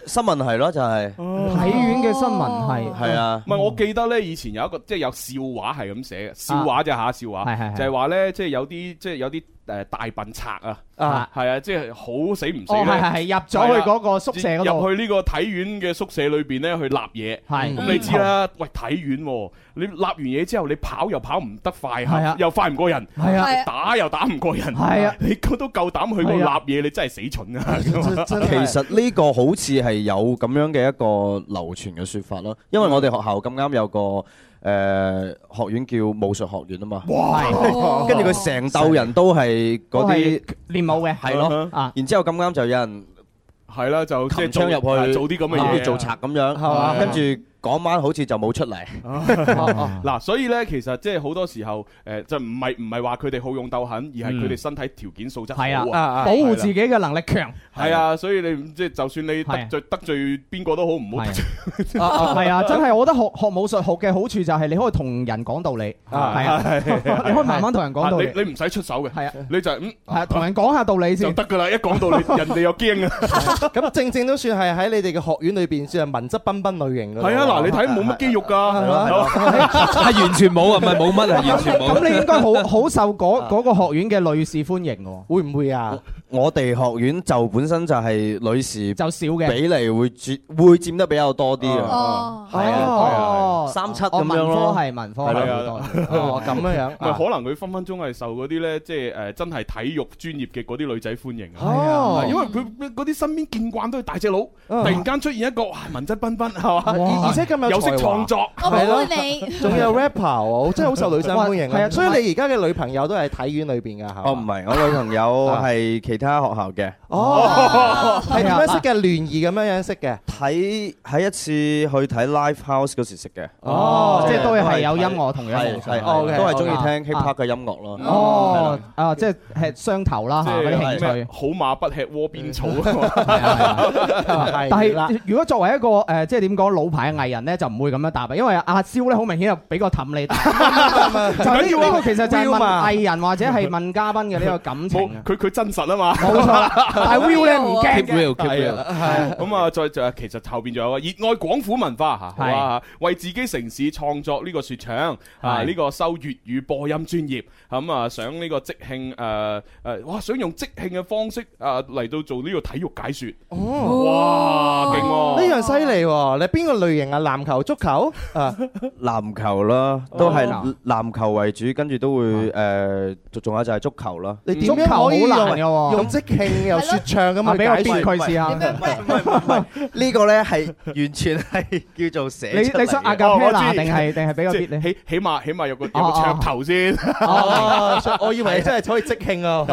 誒新聞系咯，就係體院嘅新聞系，係啊，唔係我記得咧，以前有一個即係有笑話係咁寫嘅，笑話啫吓，笑話就係話咧，即係有啲即係有啲。誒、呃，大笨賊啊！啊，係啊，即係好死唔死係入咗去嗰個宿舍入去呢個體院嘅宿舍裏邊咧，去立嘢。係、嗯。咁、嗯、你知啦、啊，喂，體院、啊，你立完嘢之後，你跑又跑唔得快，係啊，又快唔過人，係啊，打又打唔過人，係啊，啊你都夠膽去嗰度立嘢，你真係死蠢啊！其實呢個好似係有咁樣嘅一個流傳嘅說法咯，因為我哋學校咁啱有個。誒學院叫武術學院啊嘛，係，跟住佢成竇人都係嗰啲練武嘅，係咯，啊，然之後咁啱就有人係啦，就即係衝入去做啲咁嘅嘢，做賊咁樣，係嘛，跟住。嗰晚好似就冇出嚟，嗱，所以咧，其實即係好多時候，誒，就唔係唔係話佢哋好勇鬥狠，而係佢哋身體條件素質好，係啊，保護自己嘅能力強，係啊，所以你即係就算你得罪得罪邊個都好，唔好得罪，係啊，真係，我覺得學學武術學嘅好處就係你可以同人講道理，係，你可以慢慢同人講道理，你唔使出手嘅，係啊，你就咁係同人講下道理先就得噶啦，一講道理人哋又驚啊，咁啊，正正都算係喺你哋嘅學院裏邊算係文質彬彬類型嘅，係啊。你睇冇乜肌肉㗎，係咪啊？係完全冇啊，唔係冇乜啊，完全冇。咁你應該好好受嗰嗰個學院嘅女士歡迎喎，會唔會啊？我哋學院就本身就係女士就少嘅比例會佔會佔得比較多啲啊。哦，係啊，係啊，三七咁樣咯。我文科係文科，係啊，咁嘅樣。可能佢分分鐘係受嗰啲咧，即係誒真係體育專業嘅嗰啲女仔歡迎。係啊，因為佢嗰啲身邊見慣都係大隻佬，突然間出現一個文質彬彬，係嘛？今日有識創作，係咯，仲有 rapper 喎，真係好受女生歡迎。係啊，所以你而家嘅女朋友都係體院裏邊嘅嚇。我唔係，我女朋友係其他學校嘅。哦，係點樣識嘅？聯誼咁樣樣識嘅，睇喺一次去睇 live house 嗰時識嘅。哦，即係都係有音樂同樣。係都係中意聽 hip hop 嘅音樂咯。哦，啊，即係吃相投啦嚇，嗰好馬不吃窩邊草。但係如果作為一個誒，即係點講老牌藝？藝人咧就唔會咁樣答，因為阿蕭咧好明顯又俾個氹你， 就呢個其實就問藝人或者係問嘉賓嘅呢個感情，佢佢真實啊嘛。冇錯，但係 Will 咧唔驚。係咁啊，再就其實後邊仲有啊，熱愛廣府文化吓，哇是，為自己城市創作呢個說唱，啊是，呢個修粵語播音專業，咁啊想呢個即興誒誒、呃呃，哇，想用即興嘅方式啊嚟到做呢個體育解說。哦，哇，勁、啊，呢樣犀利、啊，你係邊個類型、啊？啊！籃球、足球啊，籃球啦，都係籃籃球為主，跟住都會誒，仲仲有就係足球啦。足球好難嘅喎，用即興又説唱嘅嘛，比較別趣啲啊！唔係唔係，呢個咧係完全係叫做寫出嚟嘅。你你想壓緊 Pella 定係定係比較別？起起碼起碼有個有個噱頭先。哦，我以為你真係可以即興啊！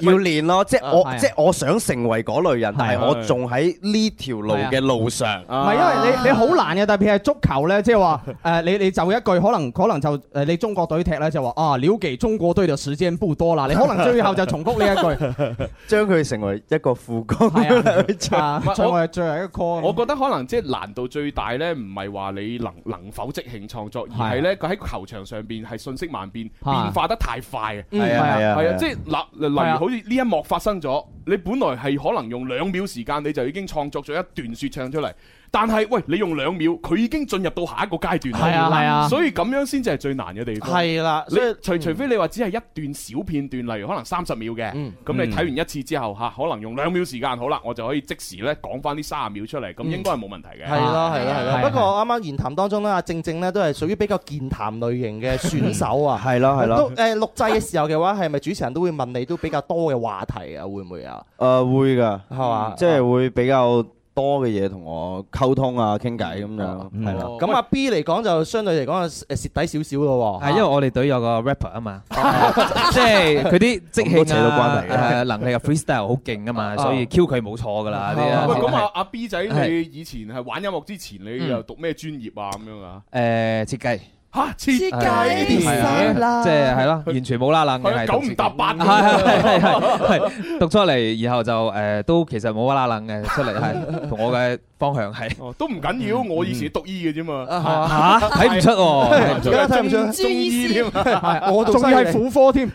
要練咯，即係我即係我想成為嗰類人，但係我仲喺呢條路嘅路上。唔係因為你你好難。難嘅，特別係足球咧，即係話，誒，你你就一句，可能可能就，誒，你中國隊踢咧就話，啊，了結中國隊嘅時間不多啦，你可能最後就重複呢一句，將佢成為一個副歌。係啊，錯係最後一個。我覺得可能即係難度最大咧，唔係話你能能否即興創作，而係咧佢喺球場上邊係信息萬變，變化得太快。係啊，係啊，即係例例如好似呢一幕發生咗。你本來係可能用兩秒時間你就已經創作咗一段説唱出嚟，但係喂，你用兩秒，佢已經進入到下一個階段。係是啊係啊，所以咁樣先至係最難嘅地方。係啦，所以除除非你話只係一段小片段，嗯、例如可能三十秒嘅，咁、嗯嗯、你睇完一次之後嚇，可能用兩秒時間好啦，我就可以即時咧講翻啲三十秒出嚟，咁應該係冇問題嘅。係咯係咯係咯。啊啊啊啊、不過啱啱言談當中咧，阿正正咧都係屬於比較健談類型嘅選手、 嗯、啊。係咯係咯。都誒錄製嘅時候嘅話，係咪主持人都會問你都比較多嘅話題啊？會唔會啊？誒，會噶係嘛，即係會比較多嘅嘢，同我溝通啊，傾偈咁樣，係啦。咁阿 B 嚟講就相對嚟講誒蝕底少少咯，係因為我哋隊有個 rapper 啊嘛，即係佢啲即積氣啊，能力啊 freestyle 好勁啊嘛，所以 Q 佢冇錯噶啦。喂，咁阿阿 B 仔，你以前係玩音樂之前，你又讀咩專業啊？咁樣啊？誒，設計。吓，設計啲嘢啦，即係係咯，完全冇拉冷嘅，九唔搭八，八，係係係係，讀出嚟，然後就誒、呃，都其實冇乜拉冷嘅出嚟，係同、啊、我嘅。方向係，都唔緊要。我以前讀醫嘅啫嘛，嚇睇唔出喎，而家睇唔出中醫添，仲要係婦科添。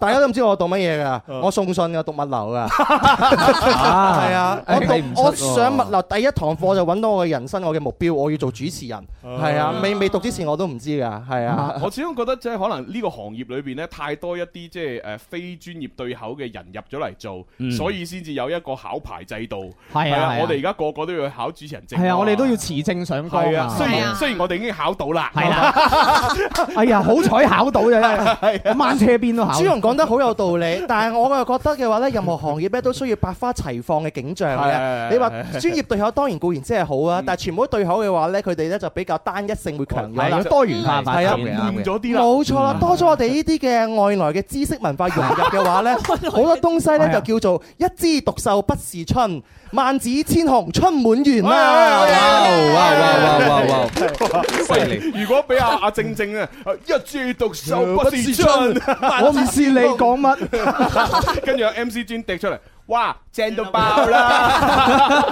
大家都唔知我讀乜嘢㗎？我送信啊，讀物流㗎，係啊。我我上物流第一堂課就揾到我嘅人生，我嘅目標，我要做主持人。係啊，未未讀之前我都唔知㗎，係啊。我始終覺得即係可能呢個行業裏邊咧太多一啲即係誒非專業對口嘅人入咗嚟做，所以先至有一個考牌制度。係啊，我哋。而家個個都要考主持人證，係啊！我哋都要持證上去啊。雖然雖然我哋已經考到啦，係啊！哎呀，好彩考到嘅，係慢車邊都考。朱容講得好有道理，但係我又覺得嘅話咧，任何行業咧都需要百花齊放嘅景象嘅。你話專業對口當然固然即係好啊，但係全部都對口嘅話咧，佢哋咧就比較單一性會強啲，多元化，係啊？變咗啲啦，冇錯啦，多咗我哋呢啲嘅外來嘅知識文化融入嘅話咧，好多東西咧就叫做一枝獨秀不是春，萬紫千紅春滿園啦！哇哇哇哇哇！犀利害！如果俾阿阿正正啊，一枝獨秀不是春，我唔知你講乜。 跟住有 M C J 拎出嚟。哇，正到爆啦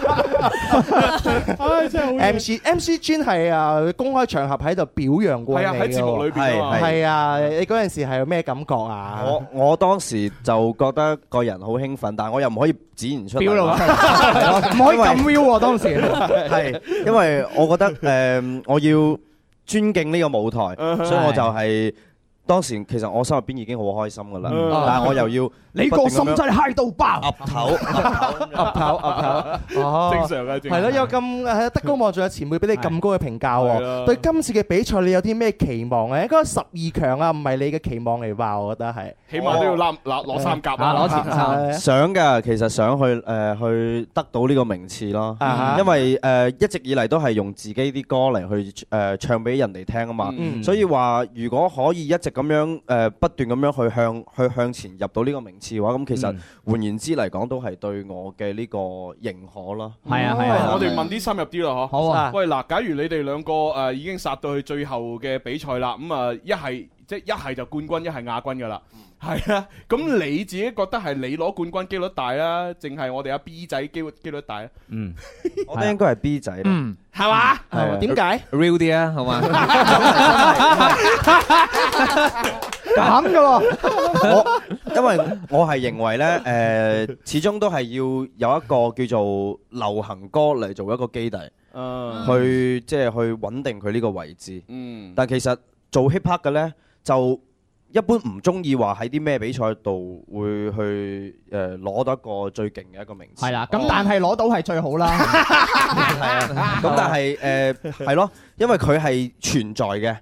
！M C M C Jin 係啊，公開場合喺度表揚過你。係啊，喺節目裏邊係啊，啊 你嗰陣時係咩感覺啊？我我當時就覺得個人好興奮，但我又唔可以展現出。表唔可以咁 view 啊！當時係 啊、因為我覺得誒，uh, 我要尊敬呢個舞台， 所以我就係、是、 當時其實我心入邊已經好開心噶啦， 但係我又要。你個心真係嗨到爆，岌頭，岌頭，正常嘅，係咯，有咁德高望重嘅前輩俾你咁高嘅評價喎，對今次嘅比賽你有啲咩期望啊？應該十二強啊，唔係你嘅期望嚟吧？我覺得係，起碼都要攬攞三甲啊，攞前三，想㗎，其實想去誒去得到呢個名次咯，因為誒一直以嚟都係用自己啲歌嚟去誒唱俾人哋聽啊嘛，所以話如果可以一直咁樣誒不斷咁樣去向去向前入到呢個名次。次話咁，其實換言之嚟講，都係對我嘅呢個認可啦。係啊，係啊。我哋問啲深入啲啦，嗬。好啊。喂，嗱，假如你哋兩個誒已經殺到去最後嘅比賽啦，咁啊，一係即係一係就冠軍，一係亞軍嘅啦。係啊。咁你自己覺得係你攞冠軍機率大啦，定係我哋阿 B 仔機會機率大咧？嗯，我覺得應該係 B 仔。嗯，係嘛？係嘛？點解？Real 啲啊，好嘛？咁嘅喎。 因為我係認為呢，誒、呃、始終都係要有一個叫做流行歌嚟做一個基底，嗯、去即係去穩定佢呢個位置，嗯。但其實做 hip hop 嘅呢，就一般唔中意話喺啲咩比賽度會去誒攞到一個最勁嘅一個名次。係啦、啊，咁、嗯嗯、但係攞到係最好啦、 啊。咁但係誒係咯。呃 因為佢係存在嘅，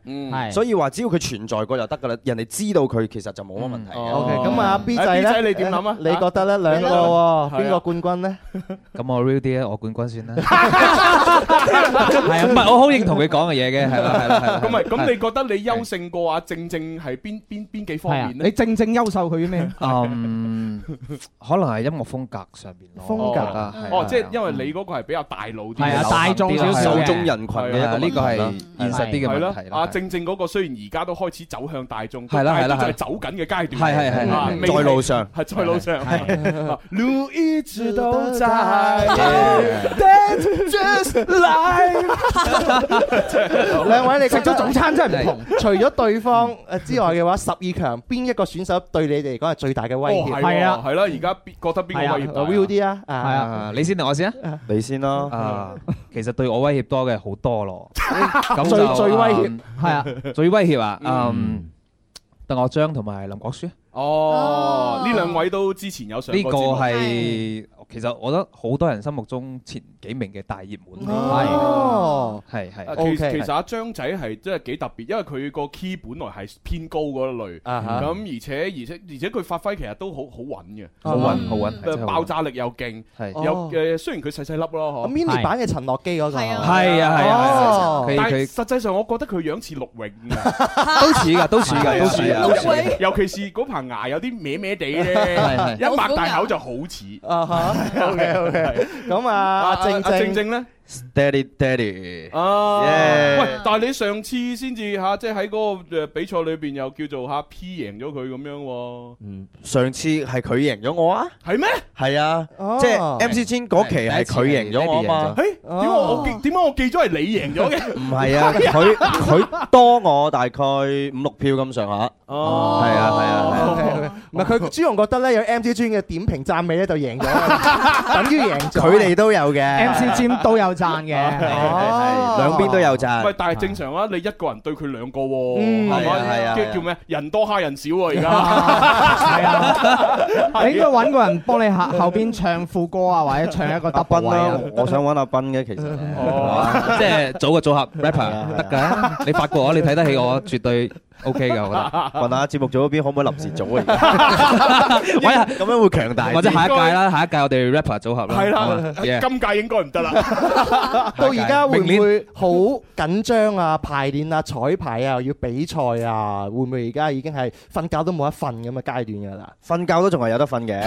所以話只要佢存在過就得㗎啦。人哋知道佢其實就冇乜問題。OK，咁啊，B 仔咧？B 仔你點諗啊？你覺得咧兩個邊個冠軍咧？咁我 real 啲咧，我冠軍先啦。係啊，唔係我好認同佢講嘅嘢嘅，係啦，係啦。咁咪咁？你覺得你優勝過啊？正正係邊邊邊幾方面咧？你正正優秀佢咩？嗯，可能係音樂風格上邊咯。風格啊，哦，即係因為你嗰個係比較大腦啲，大眾少少、受眾人羣嘅一個。係現實啲嘅係咯，阿正正嗰個雖然而家都開始走向大眾，係啦係啦，就係走緊嘅階段，係係係，在路上，係在路上。路一直都在，That's just like 兩位你食咗早餐真係唔同，除咗對方誒之外嘅話，十二強邊一個選手對你哋嚟講係最大嘅威脅？係啊，係啦，而家覺得邊個會？啊，Will 啲啊，係啊，你先定我先啊，你先咯。其實對我威脅多嘅好多咯， 最最威脅係啊，最威脅啊，嗯，鄧學章同埋林國書，哦，呢兩、哦、位都之前有上呢過節。其實我覺得好多人心目中前幾名嘅大熱門，係係係。其實阿張仔係真係幾特別，因為佢個 key 本來係偏高嗰類，咁而且而且而且佢發揮其實都好好穩嘅，好穩好穩。爆炸力又勁，有誒雖然佢細細粒咯，mini 版嘅陳樂基嗰個，係啊係啊。但係實際上我覺得佢樣似陸永都似噶都似噶都似，尤其是嗰棚牙有啲咩咩地咧，一擘大口就好似啊 O K O K，咁啊，阿正正咧，啊。正正爹哋爹哋啊！喂，但係你上次先至吓，即係喺嗰個誒比賽裏邊又叫做吓 P 贏咗佢咁樣。嗯，上次係佢贏咗我啊？係咩？係啊，即係 MC Jin 嗰期係佢贏咗我啊？誒，點解我記點解我記咗係你贏咗嘅？唔係啊，佢佢多我大概五六票咁上下。哦，係啊係啊，唔係佢朱紅覺得咧，有 MC Jin 嘅點評讚美咧就贏咗，等於贏咗。佢哋都有嘅，MC Jin 都有。讚嘅，兩邊都有讚。喂，但係正常啊！你一個人對佢兩個喎，係咪啊？叫咩？人多蝦人少啊！而家係啊，你應該揾個人幫你後後邊唱副歌啊，或者唱一個得位啊。我想揾阿斌嘅，其實即係組個組合 rapper 得㗎。你發覺我，你睇得起我，絕對。OK 嘅，我覺得問下節目組嗰邊可唔可以臨時組啊？而家喂，咁樣會強大，或者下一屆啦，下一屆我哋 rapper 組合啦，係啦，今屆應該唔得啦。到而家會唔會好緊張啊？排練啊，彩排啊，要比賽啊？會唔會而家已經係瞓覺都冇得瞓咁嘅階段㗎啦？瞓覺都仲係有得瞓嘅。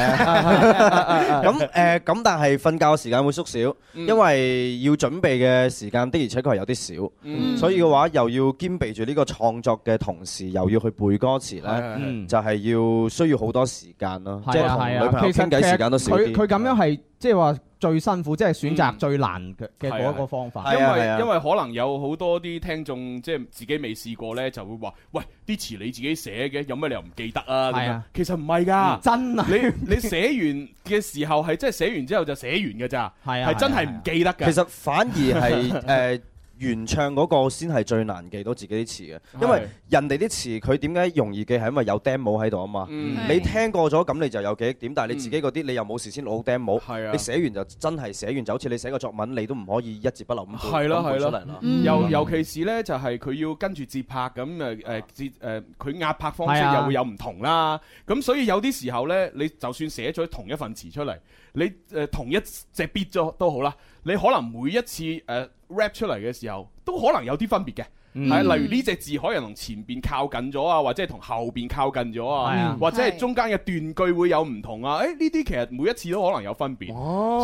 咁誒，咁但係瞓覺嘅時間會縮少，因為要準備嘅時間的而且確係有啲少，所以嘅話又要兼備住呢個創作嘅同。時又要去背歌詞咧，就係要需要好多時間咯。即係同女朋友傾偈時間都少啲。佢佢咁樣係即係話最辛苦，即係選擇最難嘅嘅嗰一個方法。因為因為可能有好多啲聽眾即係自己未試過咧，就會話：喂，啲詞你自己寫嘅，有咩你又唔記得啊？係啊，其實唔係㗎，真啊！你你寫完嘅時候係即係寫完之後就寫完㗎咋，係真係唔記得㗎。其實反而係誒。原唱嗰個先係最難記到自己啲詞嘅，因為人哋啲詞佢點解容易記係因為有 demo 喺度啊嘛，你聽過咗咁你就有記憶點，但係你自己嗰啲你又冇事先攞好 demo，你寫完就真係寫完就好似你寫個作文你都唔可以一字不漏咁背出嚟啦。尤尤其是咧就係佢要跟住節拍咁誒誒節誒佢壓拍方式又會有唔同啦，咁所以有啲時候咧你就算寫咗同一份詞出嚟，你誒同一隻 beat 咗都好啦。你可能每一次誒、uh, rap 出嚟嘅時候，都可能有啲分別嘅。係例如呢隻字可能同前邊靠近咗啊，或者係同後邊靠近咗啊，或者係中間嘅斷句會有唔同啊。誒，呢啲其實每一次都可能有分別，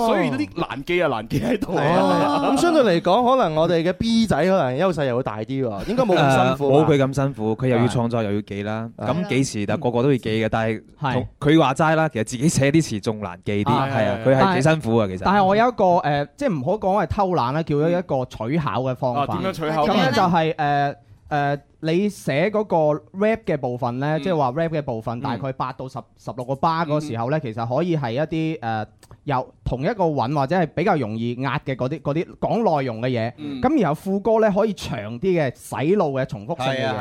所以嗰啲難記啊難記喺度。咁相對嚟講，可能我哋嘅 B 仔可能優勢又會大啲喎，應該冇咁辛苦，冇佢咁辛苦。佢又要創作又要記啦，咁幾時但係個個都會記嘅，但係佢話齋啦，其實自己寫啲詞仲難記啲，係啊，佢係幾辛苦啊。其實。但係我有一個誒，即係唔好講係偷懶啦，叫咗一個取巧嘅方法。哦，點樣取巧咧？咁咧就係。誒誒、呃呃，你寫嗰個 rap 嘅部分咧，即係話 rap 嘅部分大概八到十十六個 bar 嗰時候咧，嗯嗯其實可以係一啲誒。呃有同一個韻，或者係比較容易壓嘅嗰啲嗰啲講內容嘅嘢，咁然後副歌咧可以長啲嘅洗腦嘅重複性啊，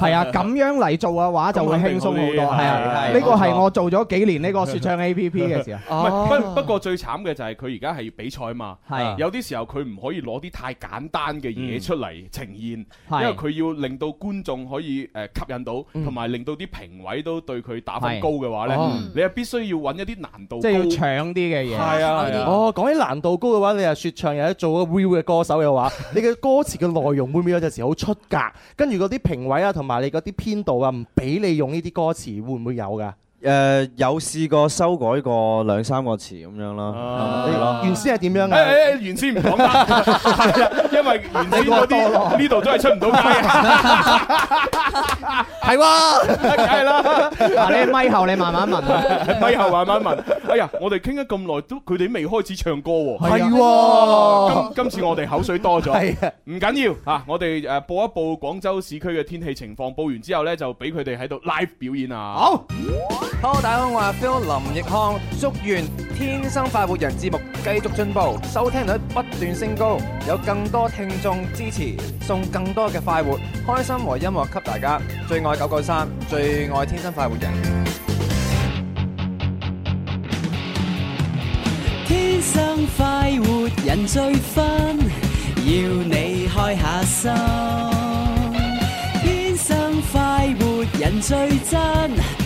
係啊，咁樣嚟做嘅話就會輕鬆好多，係啊，呢個係我做咗幾年呢個說唱 A P P 嘅時候，不過最慘嘅就係佢而家係要比賽嘛，係有啲時候佢唔可以攞啲太簡單嘅嘢出嚟呈現，因為佢要令到觀眾可以誒吸引到，同埋令到啲評委都對佢打分高嘅話咧，你係必須要揾一啲難度即係要長啲嘅。係啊！係啊。啊哦，講起難度高嘅話，你又説唱又一做個 view 嘅歌手嘅話， 你嘅歌詞嘅內容會唔會有陣時好出格？跟住嗰啲評委啊，同埋你嗰啲編導啊，唔俾你用呢啲歌詞，會唔會有㗎？誒，有試過修改過兩三個詞咁樣啦。原先係點樣嘅？原先唔講得，因為原先嗰啲呢度都係出唔到街嘅。係喎，梗係啦。嗱，你咪後你慢慢問，咪後慢慢問。哎呀，我哋傾咗咁耐，都佢哋未開始唱歌喎。係喎，今今次我哋口水多咗。係唔緊要吓，我哋誒報一報廣州市區嘅天氣情況，報完之後咧就俾佢哋喺度 live 表演啊。好。Hello 大家好，我係 Phil 林奕康，祝願《天生快活人》節目繼續進步，收聽率不斷升高，有更多聽眾支持，送更多嘅快活、開心和音樂給大家。最愛九九三，最愛天生快活人。天生快活人最分，要你開下心。天生快活人最真。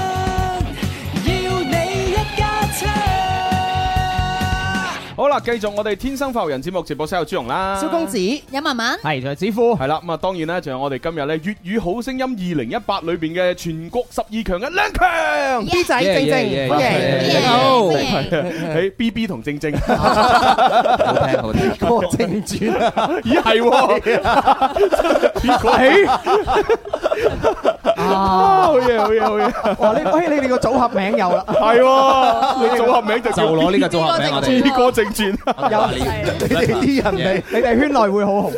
繼續我哋天生發育人節目，直播室，有朱蓉啦，蕭公子，有文文。係，仲有子夫，係啦。咁啊，當然啦，仲有我哋今日咧粵語好聲音二零一八裏邊嘅全國十二強嘅兩強，B 仔正正，歡迎，歡迎，B B 同正正，好嘢，好嘢，好嘢，哇，你哋個組合名有啦，係，你組合名就就攞呢個組合名，我哋有你哋啲人咪，你哋圈內會好紅。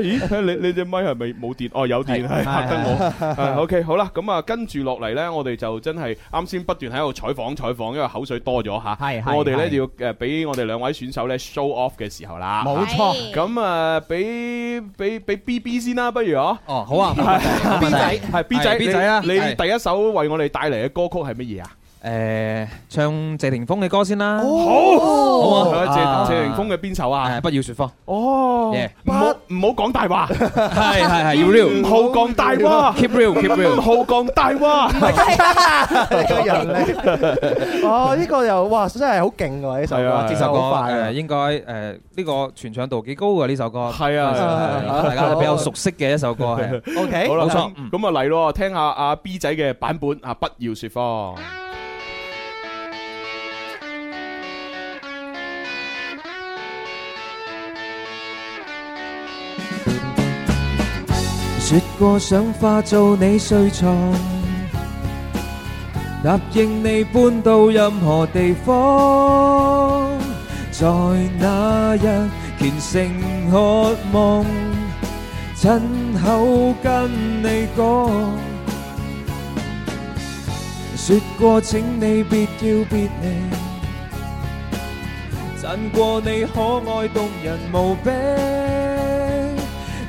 咦？你你隻咪係咪冇電？哦，有電係得我。係 O K，好啦，咁啊，跟住落嚟咧，我哋就真係啱先不斷喺度採訪採訪，因為口水多咗吓。係係，我哋咧就要誒，俾我哋兩位選手咧 show off 嘅時候啦。冇錯。咁啊，俾俾俾 B B 先啦，不如嗬？哦，好啊，B 仔係 B 仔 B 仔啦，你第一首為我哋帶嚟嘅歌曲係乜嘢啊？誒，唱謝霆鋒嘅歌先啦。好，好啊。謝謝霆鋒嘅邊首啊？不要說謊。哦，唔好唔好講大話。係係係，keep real，唔好講大話，keep real，keep real，唔好講大話。個人咧，哦，呢個又哇，真係好勁噶呢首歌。呢首歌誒，應該誒呢個傳唱度幾高噶呢首歌。係啊，大家都比較熟悉嘅一首歌係。OK，好啦，冇錯。咁啊嚟咯，聽下阿 B 仔嘅版本啊！不要說謊。說過想化做你睡床，答應你搬到任何地方，在那日虔誠渴望，親口跟你講，說過請你別要別離，讚過你可愛動人無比。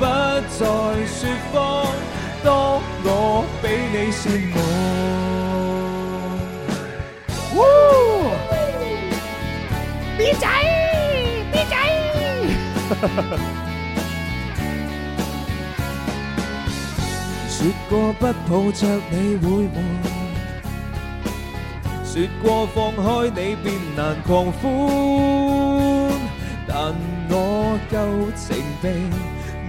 不再説謊，當我比你羨慕。別介哇，別介。哈哈哈。説過 不抱着你會悶，説過放開你便難狂歡，但我夠情被。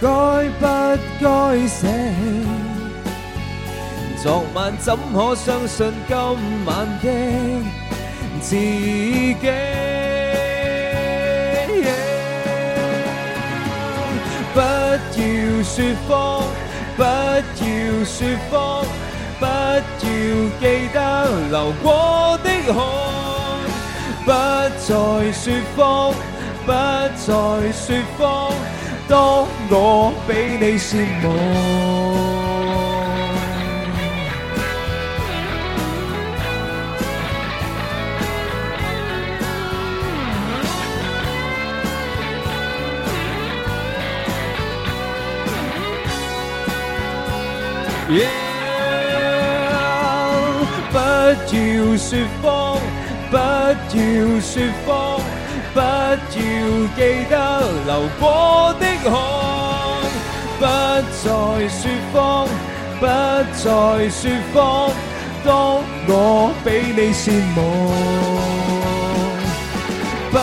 該不該捨棄？昨晚怎可相信今晚的自己？Yeah. 不要説謊，不要説謊，不要記得流過的汗。不再説謊，不再説謊。當我比你羨慕，yeah，不要説謊，不要説謊。不要記得流過的汗，不再説謊，不再説謊，當我畀你羨慕。不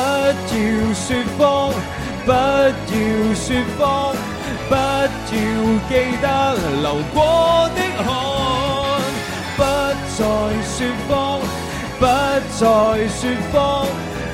要説謊，不要説謊，不要記得流過的汗，不再説謊，不再説謊。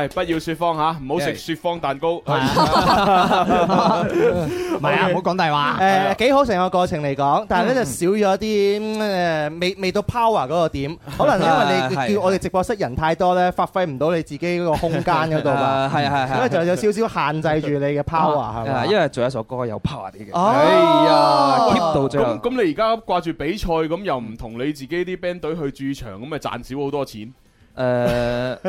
不要說謊吓，唔好食雪芳蛋糕。係唔係啊，唔好講大話。誒，幾好成個過程嚟講，但係咧就少咗啲誒，未未到 power 嗰個點。可能因為你叫我哋直播室人太多咧，發揮唔到你自己嗰個空間嗰度吧。係係係，就有少少限制住你嘅 power 係嘛。因為做一首歌有 power 啲嘅。哦呀，keep 到最。咁咁你而家掛住比賽，咁又唔同你自己啲 band 隊去駐場，咁咪賺少好多錢？誒，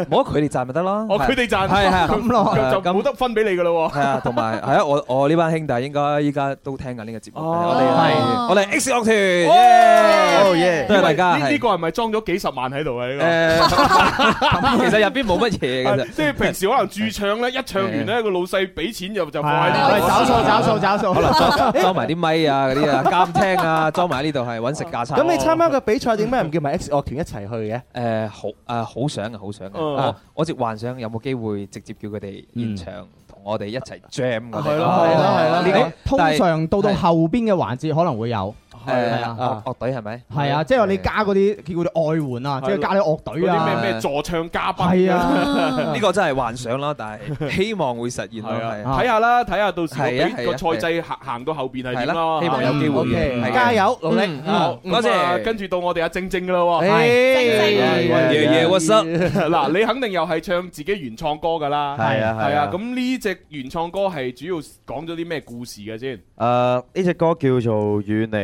冇得佢哋賺咪得咯，哦，佢哋賺，係係咁咯，就冇得分俾你噶咯，係啊，同埋係啊，我我呢班兄弟應該依家都聽緊呢個節目，我哋係我哋 X 樂團，多謝大家。呢個係咪裝咗幾十萬喺度啊？呢個，其實入邊冇乜嘢噶啫，即係平時可能駐唱咧，一唱完咧個老細俾錢就就快啲，係找數找數找數，可能裝埋啲咪啊嗰啲啊，監聽啊，裝埋呢度係搵食架差。咁你參加個比賽點解唔叫埋 X 樂團一齊去嘅？誒，好誒好。好想嘅，好想嘅，啊、我直幻想有冇機會直接叫佢哋現場同、嗯、我哋一齊 jam 係咯係咯，係咯，啊，呢啲通常到到後邊嘅環節可能會有。係啊，樂隊係咪？係啊，即係話你加嗰啲叫佢哋外援啊，即係加啲樂隊啊，咩咩助唱嘉賓？係啊，呢個真係幻想啦，但係希望會實現。係睇下啦，睇下到時個賽制行到後邊係點啦，希望有機會。OK，加油，努力！跟住到我哋阿晶晶啦。係，夜夜濕。嗱，你肯定又係唱自己原創歌噶啦。係啊，係啊。咁呢隻原創歌係主要講咗啲咩故事嘅先？誒，呢隻歌叫做《與你》。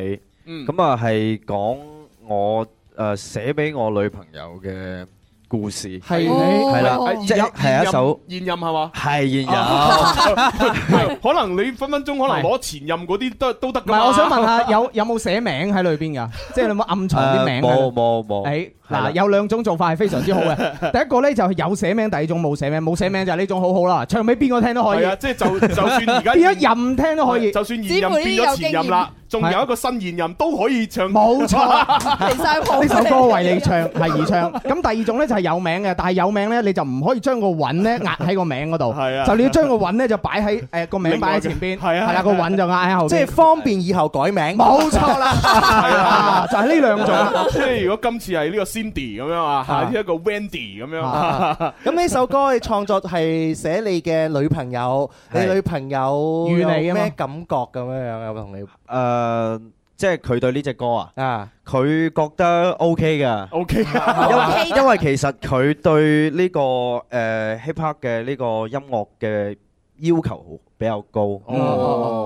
嗯，咁啊，係講我誒寫俾我女朋友嘅故事，係係啦，即係係一首現任係嘛，係現任，可能你分分鐘可能攞前任嗰啲都都得。唔係，我想問下有有冇寫名喺裏邊㗎？即係有冇暗藏啲名咧？冇冇冇。嗱，有兩種做法係非常之好嘅。第一個咧就係有寫名，第二種冇寫名。冇寫名就係呢種好好啦，唱俾邊個聽都可以。係啊，即係就就算而家邊一任聽都可以。就算現任變咗前任啦，仲有一個新現任都可以唱。冇錯，離曬譜呢首歌為你唱係而唱。咁第二種咧就係有名嘅，但係有名咧你就唔可以將個韻咧壓喺個名嗰度，就你要將個韻咧就擺喺誒個名擺喺前邊，係啦個韻就壓喺後邊。即係方便以後改名。冇錯啦，係啊，就係呢兩種。即係如果今次係呢個。Wendy 咁樣啊，下邊一個 Wendy 咁樣啊。咁呢首歌創作係寫你嘅女朋友，你女朋友予你咩感覺咁樣樣啊？同你誒，即係佢對呢隻歌啊，佢覺得 OK 噶，OK，因為其實佢對呢個誒 hiphop 嘅呢個音樂嘅要求比較高，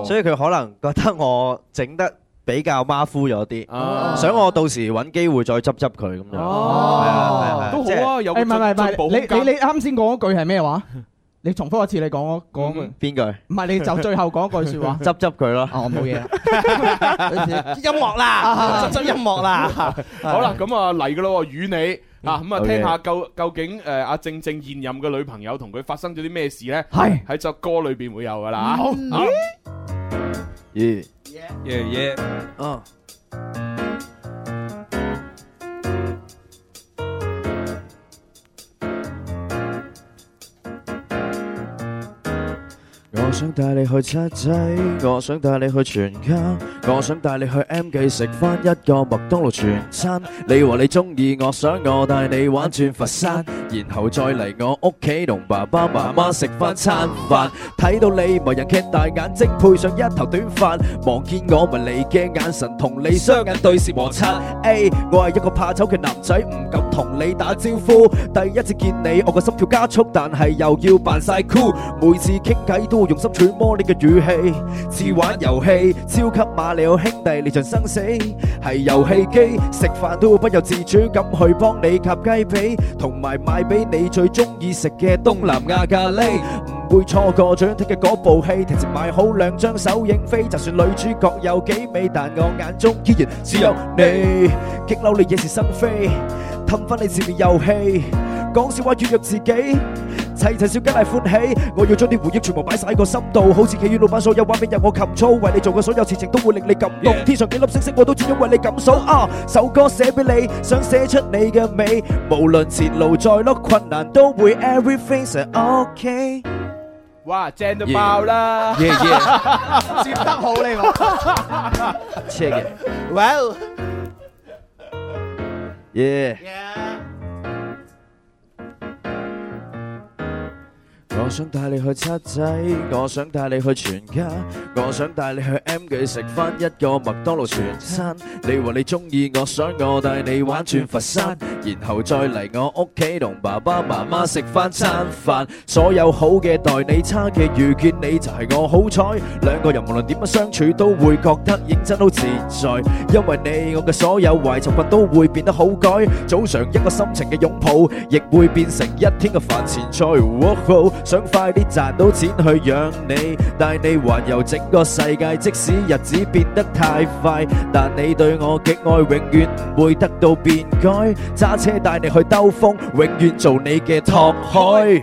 所以佢可能覺得我整得。比較馬虎咗啲，想我到時揾機會再執執佢咁就，都好啊，有唔係唔係唔係，你你你啱先講嗰句係咩話？你重複一次，你講我講邊句？唔係，你就最後講一句說話，執執佢咯。我，冇嘢，音樂啦，執執音樂啦。好啦，咁啊嚟噶咯，與你啊，咁啊聽下，究究竟誒，阿正正現任嘅女朋友同佢發生咗啲咩事咧？係喺隻歌裏邊會有噶啦。好，二。yeah 我想帶你去七仔，我想帶你去全家。我想帶你去 M 記食翻一個麥當勞全餐， 你話你中意我，想我帶你玩轉佛山，然後再嚟我屋企同爸爸媽媽食翻餐飯。睇 到你迷人嘅大眼睛，配上一頭短髮，望見我咪你嘅眼神，同你雙眼對視摩擦。A， hey, 我係一個怕醜嘅男仔，唔敢同你打招呼。第一次見你，我個心跳加速，但係又要扮晒 cool。每次傾偈都會用心揣摩你嘅語氣，似玩遊戲，超級馬。你有兄弟，你場生死係遊戲機，食飯都會不由自主咁去幫你及雞髀同埋買俾你最中意食嘅東南亞咖喱，唔會錯過最聽嘅嗰部戲，提前買好兩張首映飛，就算女主角有幾美，但我眼中依然只有你，激嬲你惹是生非，氹翻你沉迷遊戲。講笑話軟弱自己，齊齊笑梗係歡喜。我要將啲回憶全部擺晒喺個心度，好似企於老闆所有話俾入我琴操，為你做嘅所有事情都會令你感動。天上幾粒星星我都專心為你數數。啊，首歌寫俾你，想寫出你嘅美。無論前路再碌，困難都會 everything is okay。哇，正得爆啦！yeah yeah，接得好呢個，thank you。哇哦，yeah。我想帶你去七仔，我想帶你去全家，我想帶你去 M 記食翻一個麥當勞全餐。你話你中意，我想我帶你玩轉佛山，然後再嚟我屋企同爸爸媽媽食翻餐飯。所有好嘅待你差嘅，遇見你就係我好彩。兩個人無論點樣相處都會覺得認真好自在，因為你我嘅所有壞習慣都會變得好改。早上一個深情嘅擁抱，亦會變成一天嘅飯前菜。想快啲賺到錢去養你，帶你環遊整個世界。即使日子變得太快，但你對我極愛，永遠唔會得到變改。揸車帶你去兜風，永遠做你嘅託開。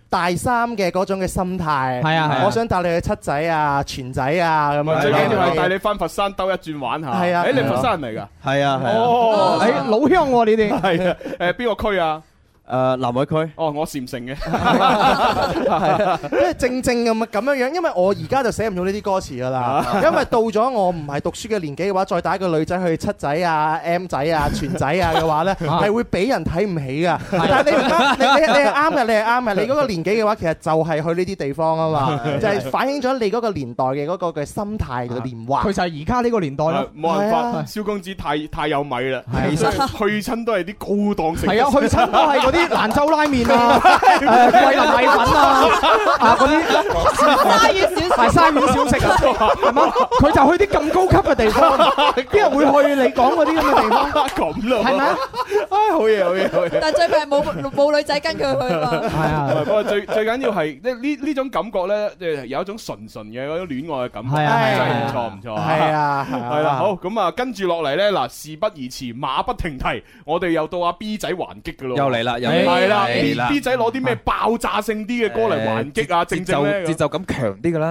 大三嘅嗰種嘅心態，係啊，啊我想帶你去七仔啊、全仔啊咁啊，啊最緊要係帶你翻佛山兜一轉玩一下。係啊，誒、欸、你佛山嚟㗎？係啊，係。哦，誒老鄉喎你哋。係啊，誒邊、啊 啊呃、個區啊？誒南海區，哦，我禪城嘅，因為正正咁咁樣樣，因為我而家就寫唔到呢啲歌詞噶啦，因為到咗我唔係讀書嘅年紀嘅話，再帶一個女仔去七仔啊、M 仔啊、全仔啊嘅話咧，係會俾人睇唔起噶。但係你你你係啱嘅，你係啱嘅。你嗰個年紀嘅話，其實就係去呢啲地方啊嘛，就係反映咗你嗰個年代嘅嗰個嘅心態嘅年華。佢就係而家呢個年代冇辦法，蕭公子太太有米啦，去親都係啲高檔性。係啊，去親都係啲。蘭州拉麵啊，桂林米粉啊，啊嗰啲沙縣小，係沙縣小食啊，係咪？佢就去啲咁高級嘅地方，邊個會去你講嗰啲咁嘅地方？咁咯，係咪？啊，好嘢、好嘢、好嘢！但係最弊係冇冇女仔跟佢去咯。係啊，不過最最緊要係呢呢呢種感覺咧，即係有一種純純嘅嗰種戀愛嘅感覺，係真係唔錯唔錯。係啊，係啦，好，咁啊，跟住落嚟咧，嗱，事不宜遲，馬不停蹄，我哋又到阿 B 仔還擊噶咯，又嚟啦，又。係啦，B 仔攞啲咩爆炸性啲嘅歌嚟還擊啊！正正咧，節奏感強啲噶啦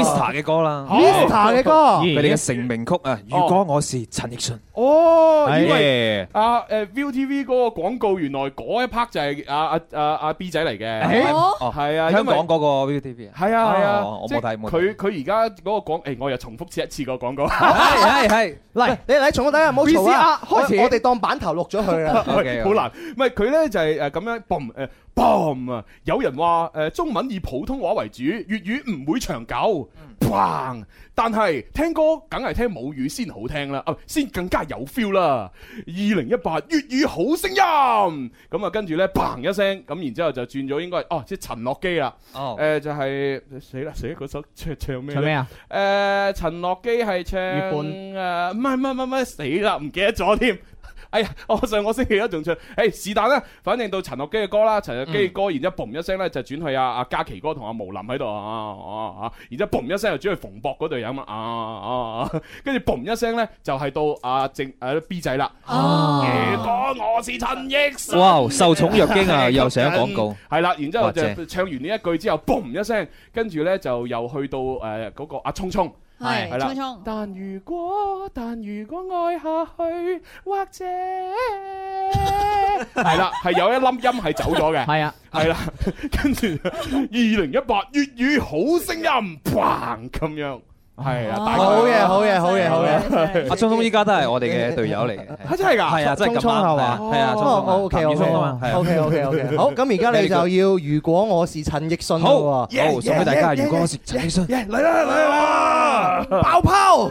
，Mister 嘅歌啦，Mister 嘅歌，佢哋嘅成名曲啊，如果我是陳奕迅，哦，因為阿誒 ViuTV 嗰個廣告，原來嗰一 part 就係阿阿阿阿 B 仔嚟嘅，我，係啊，香港嗰個 ViuTV，係啊係啊，我冇睇，佢佢而家嗰個廣，誒我又重複次一次個廣告，係係，嚟嚟嚟重複睇下，唔好意思啊，開始，我哋當版頭錄咗去啊，好難。唔係佢咧就係誒咁樣 boom 啊！有人話誒中文以普通話為主，粵語唔會長久。砰！但係聽歌梗係聽母語先好聽啦，啊、呃，先更加有 feel 啦。二零一八粵語好聲音咁啊，就跟住咧嘭一聲，咁然之後就轉咗，應該哦，即係陳樂基啦。哦，誒、呃、就係死啦死嗰首唱唱咩啊？誒、呃、陳樂基係唱誒日本唔係唔唔唔死啦，唔記得咗添。哎我上我星期一仲唱，哎是但啦，反正到陳樂基嘅歌啦，陳樂基嘅歌，歌嗯、然之後嘣一聲咧就轉去阿阿嘉琪哥同阿毛林喺度啊，哦、啊啊啊啊，然之後嘣一聲又轉去馮博嗰對人嘛，啊啊，跟住嘣一聲咧就係到阿正、誒 B 仔啦，如果我是陳奕迅哇受寵若驚啊， 又上廣告，係啦，然之後就唱完呢一句之後嘣者一聲，跟住咧就又去到誒嗰、呃那個阿聰聰。啊聰聰。 但如果，但如果愛下去，或者係啦，好嘢，好嘢，好嘢。好嘅。阿聰聰依家都係我哋嘅隊友嚟嘅，係真係噶，係啊，真係咁樣係嘛，係啊，聰聰，吳雨聰啊嘛，OK OK OK。好，咁而家你就要，如果我是陳奕迅，好，送俾大家。如果我是陳奕迅，嚟啦嚟啦，爆泡。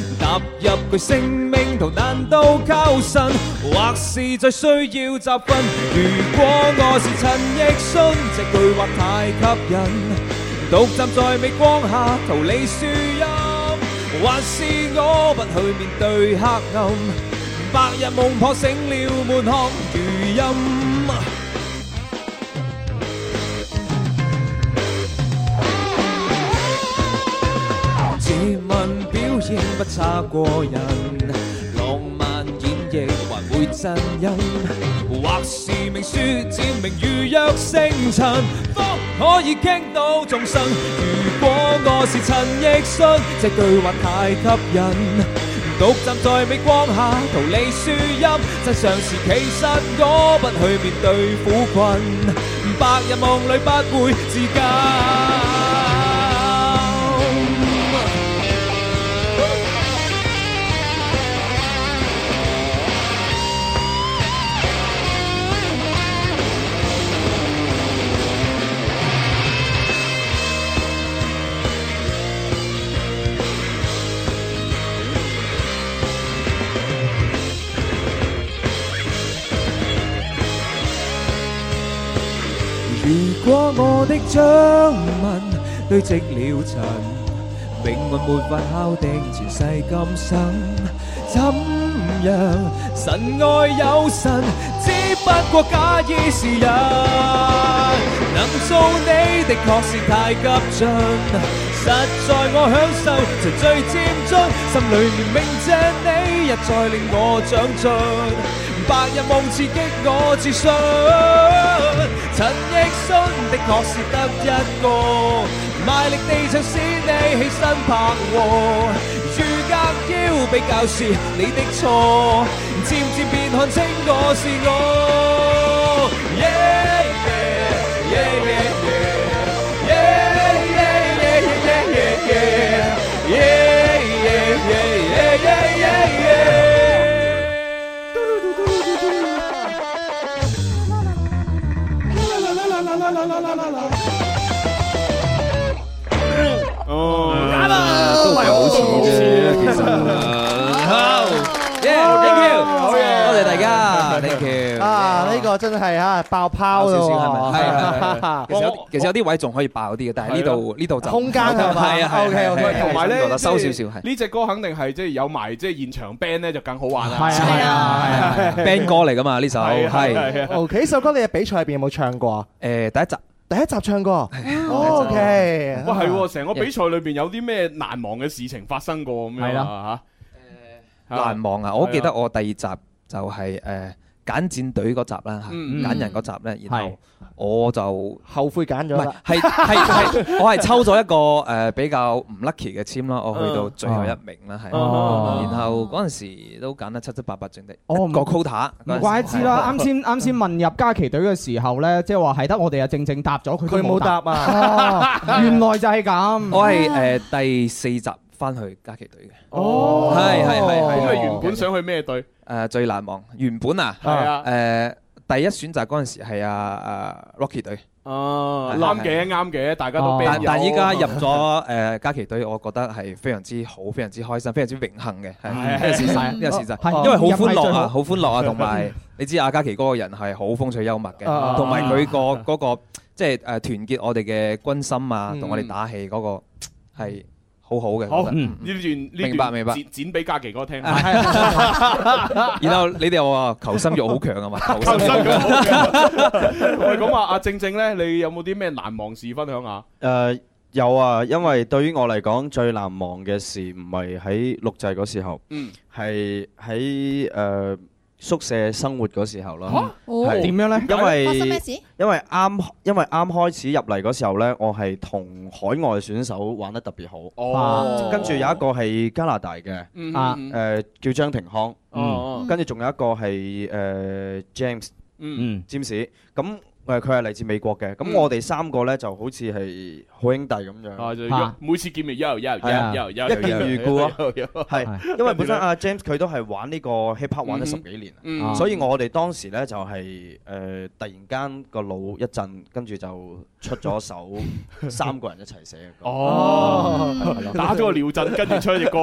踏入佢性命途，難道交身，或是最需要集訓？如果我是陳奕迅，這句話太吸引。獨站在微光下，逃離樹蔭，還是我不去面對黑暗？白日夢破，醒了滿腔餘音。不差過人，浪漫演繹還會震音，或是明書展名如約星塵，都可以傾倒眾生。如果我是陳奕迅，這句話太吸引。獨站在美光下，逃離樹蔭。真相是其實我不去面對苦困，白日夢裡不會自禁。如果我的掌紋堆積了塵，永遠沒法敲定前世今生。怎樣？神愛有神，只不過假意是人。能做你的確是太急進，實在我享受才最佔中。心裡面明鏡你一再令我長進，白日夢刺激我自信。陳奕迅的《我是得一個》賣力地唱，使你起身拍和，住隔腰比較是你的錯，漸漸便看清我是我。好 thank you，多謝大家，thank you。啊，呢個真係吓爆泡少少，係，其實其實有啲位仲可以爆啲嘅，但係呢度呢度就空間係啊，OK OK，同埋咧收少少係，呢隻歌肯定係即係有埋即係現場 band 咧就更好玩啦，係啊，band 歌嚟㗎嘛呢首，係 OK，呢首歌你嘅比賽入邊有冇唱過？誒，第一集。第一集唱歌，哦、第一集，哦，OK，喂係成個比賽裏邊有啲咩難忘嘅事情發生過咁樣係啦啊吓？Uh, uh, 難忘啊，uh, 我記得我第二集就係、是、誒。Uh, 揀戰隊嗰集啦，揀人嗰集咧，然後我就後悔揀咗啦。係係係，我係抽咗一個誒比較唔 lucky 嘅簽啦，我去到最後一名啦，係。然後嗰陣時都揀得七七八八剩的個 quota。唔怪之啦，啱先啱先問入家琦隊嘅時候咧，即係話係得我哋啊正正答咗佢。佢冇答啊！原來就係咁。我係誒第四集。翻去嘉琪隊嘅，係係係，因為原本想去咩隊？誒最難忘，原本啊，誒第一選擇嗰陣時係阿 Rocky 隊。哦啱嘅啱嘅，大家都，但但依家入咗誒嘉琪隊，我覺得係非常之好，非常之開心，非常之榮幸嘅，係事實，係事實，因為好歡樂啊，好歡樂啊，同埋你知阿嘉琪哥個人係好風趣幽默嘅，同埋佢個嗰個即係誒團結我哋嘅軍心啊，同我哋打氣嗰個係好好嘅，好，呢段呢段剪俾嘉琪哥聽。然後你哋又話求生欲好強啊嘛，求生欲好強！喂，咁啊，阿政政咧，你有冇啲咩難忘事分享下？誒，有啊，因為對於我嚟講，最難忘嘅事唔係喺錄製嗰時候，係喺誒。宿舍生活嗰時候啦，係點、啊哦、樣呢？因為，為因為啱因為啱開始入嚟嗰時候呢，我係同海外選手玩得特別好，跟住、哦啊、有一個係加拿大嘅，誒、嗯啊呃、叫張庭康，跟住仲有一個係 James，James 咁。呃 James, 嗯嗯 James, 喂，佢係嚟自美國嘅，咁我哋三個咧就好似係好兄弟咁樣，每次見面又又又又一見如故咯，係，因為本身阿 James 佢都係玩呢個 hiphop 玩咗十幾年，所以我哋當時咧就係誒突然間個腦一震，跟住就出咗首三個人一齊寫嘅歌，哦，打咗個尿震，跟住出咗隻歌，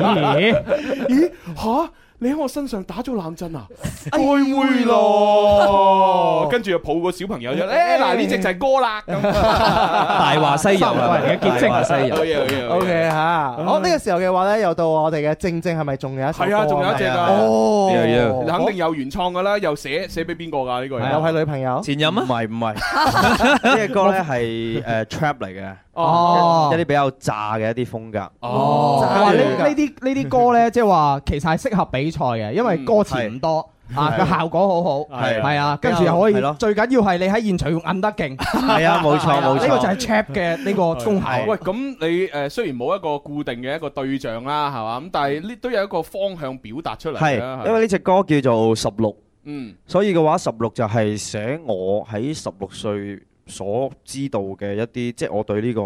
咦咦吓？你喺我身上打咗冷震啊？會會咯，跟住又抱個小朋友啫。咧嗱，呢隻就係歌啦，大話西遊，遊，結晶大話西遊。O K 嚇，好呢個時候嘅話咧，又到我哋嘅正正係咪仲有一隻？係啊，仲有一隻㗎。肯定有原創㗎啦，又寫寫俾邊個㗎呢個？又係女朋友前任啊？唔係唔係，呢隻歌咧係誒 trap 嚟嘅，一啲比較炸嘅一啲風格。哦，哇！呢呢啲呢啲歌咧，即係話其實係適合俾。賽嘅，因為歌詞唔多，啊，個效果好好，係啊，跟住又可以，最緊要係你喺現場按得勁，係啊，冇錯冇錯，呢個就係 chap 嘅呢個功效。喂，咁你誒雖然冇一個固定嘅一個對象啦，係嘛，咁但係呢都有一個方向表達出嚟啦。係因為呢隻歌叫做十六，嗯，所以嘅話十六就係寫我喺十六歲。所知道嘅一啲，即係我對呢個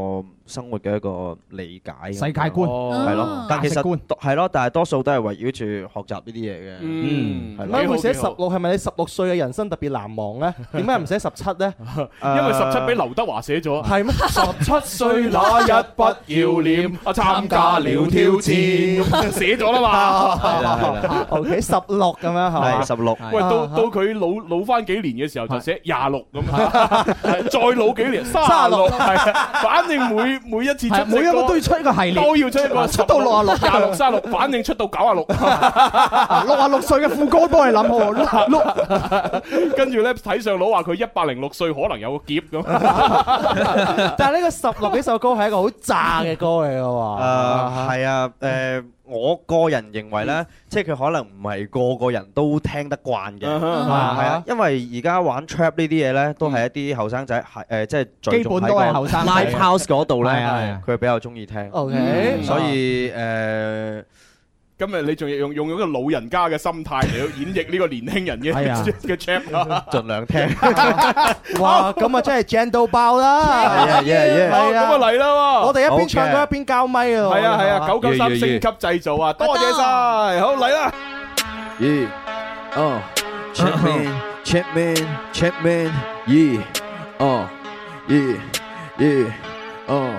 生活嘅一個理解、世界觀，係咯。但其實係咯，但係多數都係圍繞住學習呢啲嘢嘅。嗯，點解佢寫十六？係咪你十六歲嘅人生特別難忘咧？點解唔寫十七咧？因為十七俾劉德華寫咗。係咩？十七歲那日不要臉，參加了挑戰，寫咗啦嘛。係啦係啦。O K，十六咁樣係咪？十六。喂，到到佢老老翻幾年嘅時候，就寫廿六咁再老幾年，三啊六，係啊，反正每每一次出，每一個都要出一個系列，都要出一個出到六啊六，廿六、三六，反正出到九啊六，六啊六歲嘅副歌都係諗好，六，跟住咧睇上佬話佢一百零六歲可能有個劫咁，但係呢個十六幾首歌係一個好炸嘅歌嚟嘅喎，係啊，誒。我個人認為呢、嗯、即係佢可能唔係個個人都聽得慣嘅，係、uh huh. 啊，因為而家玩 trap 呢啲嘢呢，都係一啲後生仔即係誒，基本都係後生仔，即係在 live house 嗰度呢、啊，佢、啊啊、比較鍾意聽，所以誒。呃今日你仲要用用一個老人家嘅心態嚟到演繹呢個年輕人嘅嘅 chap 啦盡量聽哇。咁啊真係正到爆啦，係啊，咁啊，嚟啦我哋一邊唱歌一邊教咪啊，係啊係啊，九九三升級製造啊，多謝晒好，嚟啦咦哦 check man check man check man e 哦咦咦哦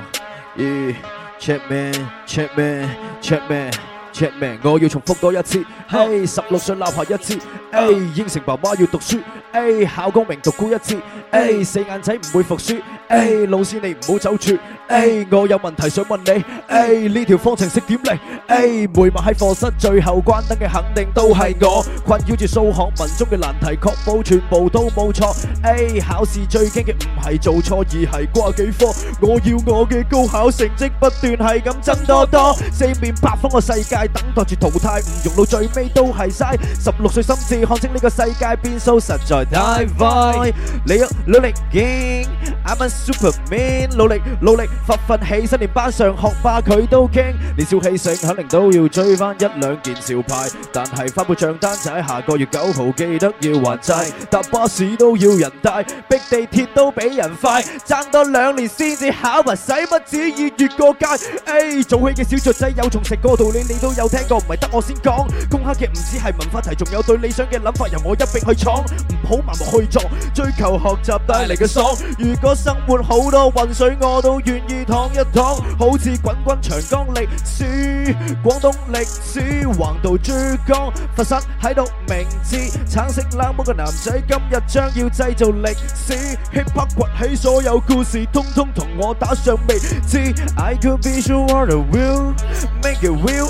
咦 check man check man check man 劇名我要重複多一次，嘿十六歲鬧下一次，哎應承爸爸要讀書，哎考功名讀高一次，哎四眼仔唔會服輸，哎老師你唔好走住，哎我有問題想問你，哎呢條方程式點嚟？哎每晚喺課室最後關燈嘅肯定都係我，困擾住數學文中嘅難題，確保全部都冇錯。哎考試最驚嘅唔係做錯，而係掛幾科。我要我嘅高考成績不斷係咁增多多，四面八方嘅世界。等待住淘汰，唔用到最尾都係嘥。十六歲心智看清呢個世界變數實在太快。你有努力嘅？I'm a superman，努力努力發奮起身，連班上學霸佢都驚。年少氣盛肯定都要追翻一兩件潮牌。但係發布賬單仔，下個月九號記得要還債。搭巴士都要人帶，逼地鐵都比人快。爭多兩年先至考，埋使乜使二月過界？誒、哎，早起嘅小雀仔有蟲食個道理。你你都。都有聽過，唔係得我先講。攻克嘅唔止係文化題，仲有對理想嘅諗法，由我一並去闖。唔好盲目去撞，追求學習帶嚟嘅爽。如果生活好多混水，我都願意淌一淌。好似滾滾長江歷史，廣東歷史橫渡珠江，佛山喺度明字，橙色冷漠嘅男仔，今日將要製造歷史。Hip hop 崛起，所有故事統統同我打上標籤。I can visualize will make it real.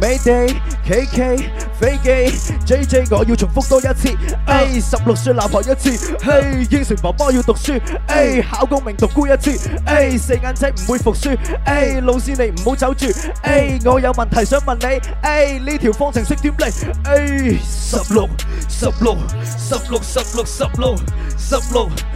美地，KK 飛機，JJ 我要重複多一次。哎十六歲老婆一次。嘿、哎，應承爸爸要讀書。A、哎、考功名獨孤一次。A、哎、四眼仔唔會服輸。A、哎、老師你唔好走住。A、哎、我有問題想問你。A、哎、呢條方程式點嚟？哎十六，十六，十六，十六，十六，十六。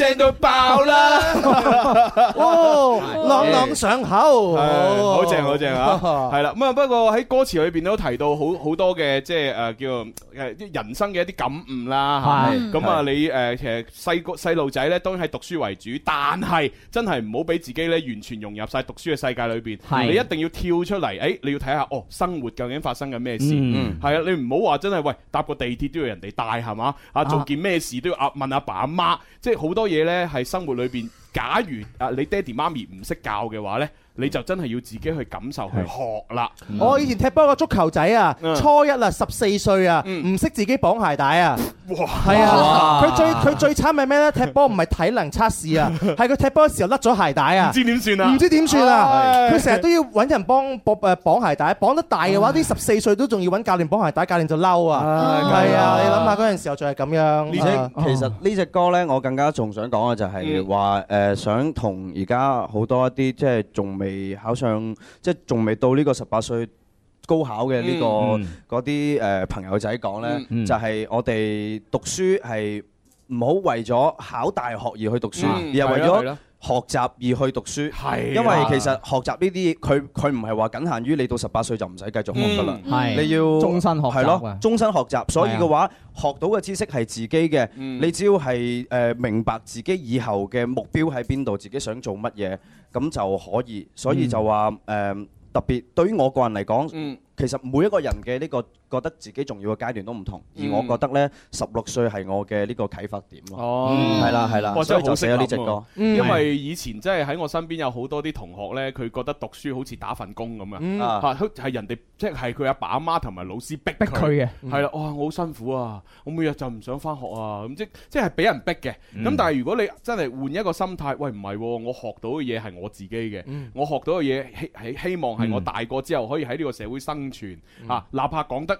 正到爆啦！朗朗 上口，好正好正啊！係啦，咁 啊樂，不過喺歌詞裏邊都提到好好多嘅，即係誒，叫誒，人生嘅一啲感悟啦。係咁啊，是的你誒、呃，其實細個細路仔咧，當然係讀書為主，但係真係唔好俾自己咧完全融入晒讀書嘅世界裏邊。係的你一定要跳出嚟，誒、欸，你要睇下哦，生活究竟發生緊咩事？嗯，係啊，你唔好話真係喂，搭個地鐵都要人哋帶係嘛？啊，做件咩事都要阿問阿爸阿媽，即係好多。嘢咧喺生活裏邊，假如啊你爹哋媽咪唔識教嘅話咧。你就真係要自己去感受去學啦。我以前踢波個足球仔啊，初一啊，十四歲啊，唔識自己綁鞋帶啊。哇，係啊，佢最佢最慘係咩咧？踢波唔係體能測試啊，係佢踢波嘅時候甩咗鞋帶啊，唔知點算啊，唔知點算啊。佢成日都要揾人幫綁鞋帶，綁得大嘅話，啲十四歲都仲要揾教練綁鞋帶，教練就嬲啊。係啊，你諗下嗰陣時候就係咁樣。而且其實呢隻歌咧，我更加仲想講嘅就係話誒，想同而家好多一啲即係仲。未考上，即係仲未到呢個十八歲高考嘅呢、呢個嗰啲誒朋友仔講咧，嗯、就係我哋讀書係唔好為咗考大學而去讀書，嗯、而係為咗。學習而去讀書，係嘅、因為其實學習呢啲嘢，佢佢唔係話僅限於你到十八歲就唔使繼續學㗎啦，嗯、你要，終身學，係咯，終身學習，所以嘅話，係嘅、學到嘅知識係自己嘅，嗯、你只要係誒、呃、明白自己以後嘅目標喺邊度，自己想做乜嘢，咁就可以，所以就話誒、嗯呃、特別對於我個人嚟講，嗯、其實每一個人嘅呢、呢個。覺得自己重要嘅階段都唔同，而我覺得呢，十六歲係我嘅呢個啟發點喎，係啦係啦，所以就寫呢隻歌。嗯、因為以前即係喺我身邊有好多啲同學呢，佢覺得讀書好似打份工咁、嗯、啊，係人哋即係佢阿爸阿媽同埋老師逼逼佢嘅，係、嗯、啦，哇、哦！我好辛苦啊，我每日就唔想翻學啊，咁即即係俾人逼嘅。咁、嗯、但係如果你真係換一個心態，喂，唔係，我學到嘅嘢係我自己嘅，嗯、我學到嘅嘢希希望係我大個之後可以喺呢個社會生存嚇、啊，哪怕講得。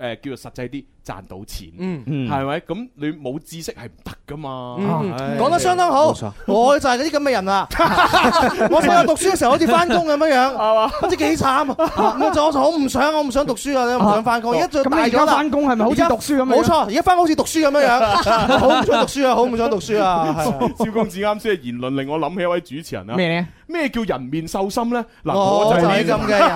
誒叫做實際啲賺到錢，嗯嗯，係咪？咁你冇知識係唔得噶嘛？講得相當好，我就係嗰啲咁嘅人啦。我細個讀書嘅時候好似翻工咁樣樣，係嘛？不知幾慘啊！我就好唔想，我唔想讀書啊，唔想翻工。而家做大咗啦。而家翻工係咪好似讀書咁？冇錯，而家翻工好似讀書咁樣樣，好唔想讀書啊，好唔想讀書啊。招公子啱先嘅言論令我諗起一位主持人啦。咩咩叫人面獸心咧？嗱，我就係咁嘅人。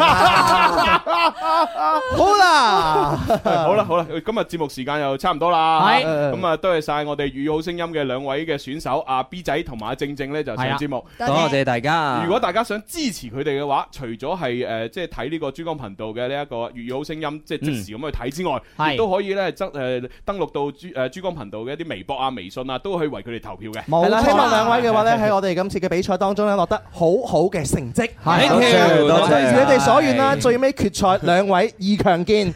好啦。好啦，好啦，今日節目時間又差唔多啦。係，咁啊，多謝晒我哋《粵語好聲音》嘅兩位嘅選手阿 B 仔同埋阿政政咧，就上節目。多謝大家。如果大家想支持佢哋嘅話，除咗係誒，即係睇呢個珠江頻道嘅呢一個《粵語好聲音》，即係即時咁去睇之外，亦都可以咧，誒登錄到珠誒珠江頻道嘅一啲微博啊、微信啊，都可以為佢哋投票嘅。係啦，希望兩位嘅話咧，喺我哋今次嘅比賽當中咧，獲得好好嘅成績。係，隨你哋所願啦。最尾決賽，兩位二強見。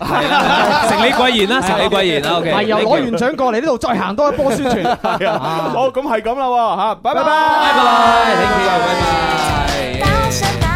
成李桂賢啦，成李桂賢啦，OK。係又攞完獎過嚟呢度，再行多一波宣傳。好、 啊，咁係咁啦，吓，拜拜拜拜，李健，拜拜。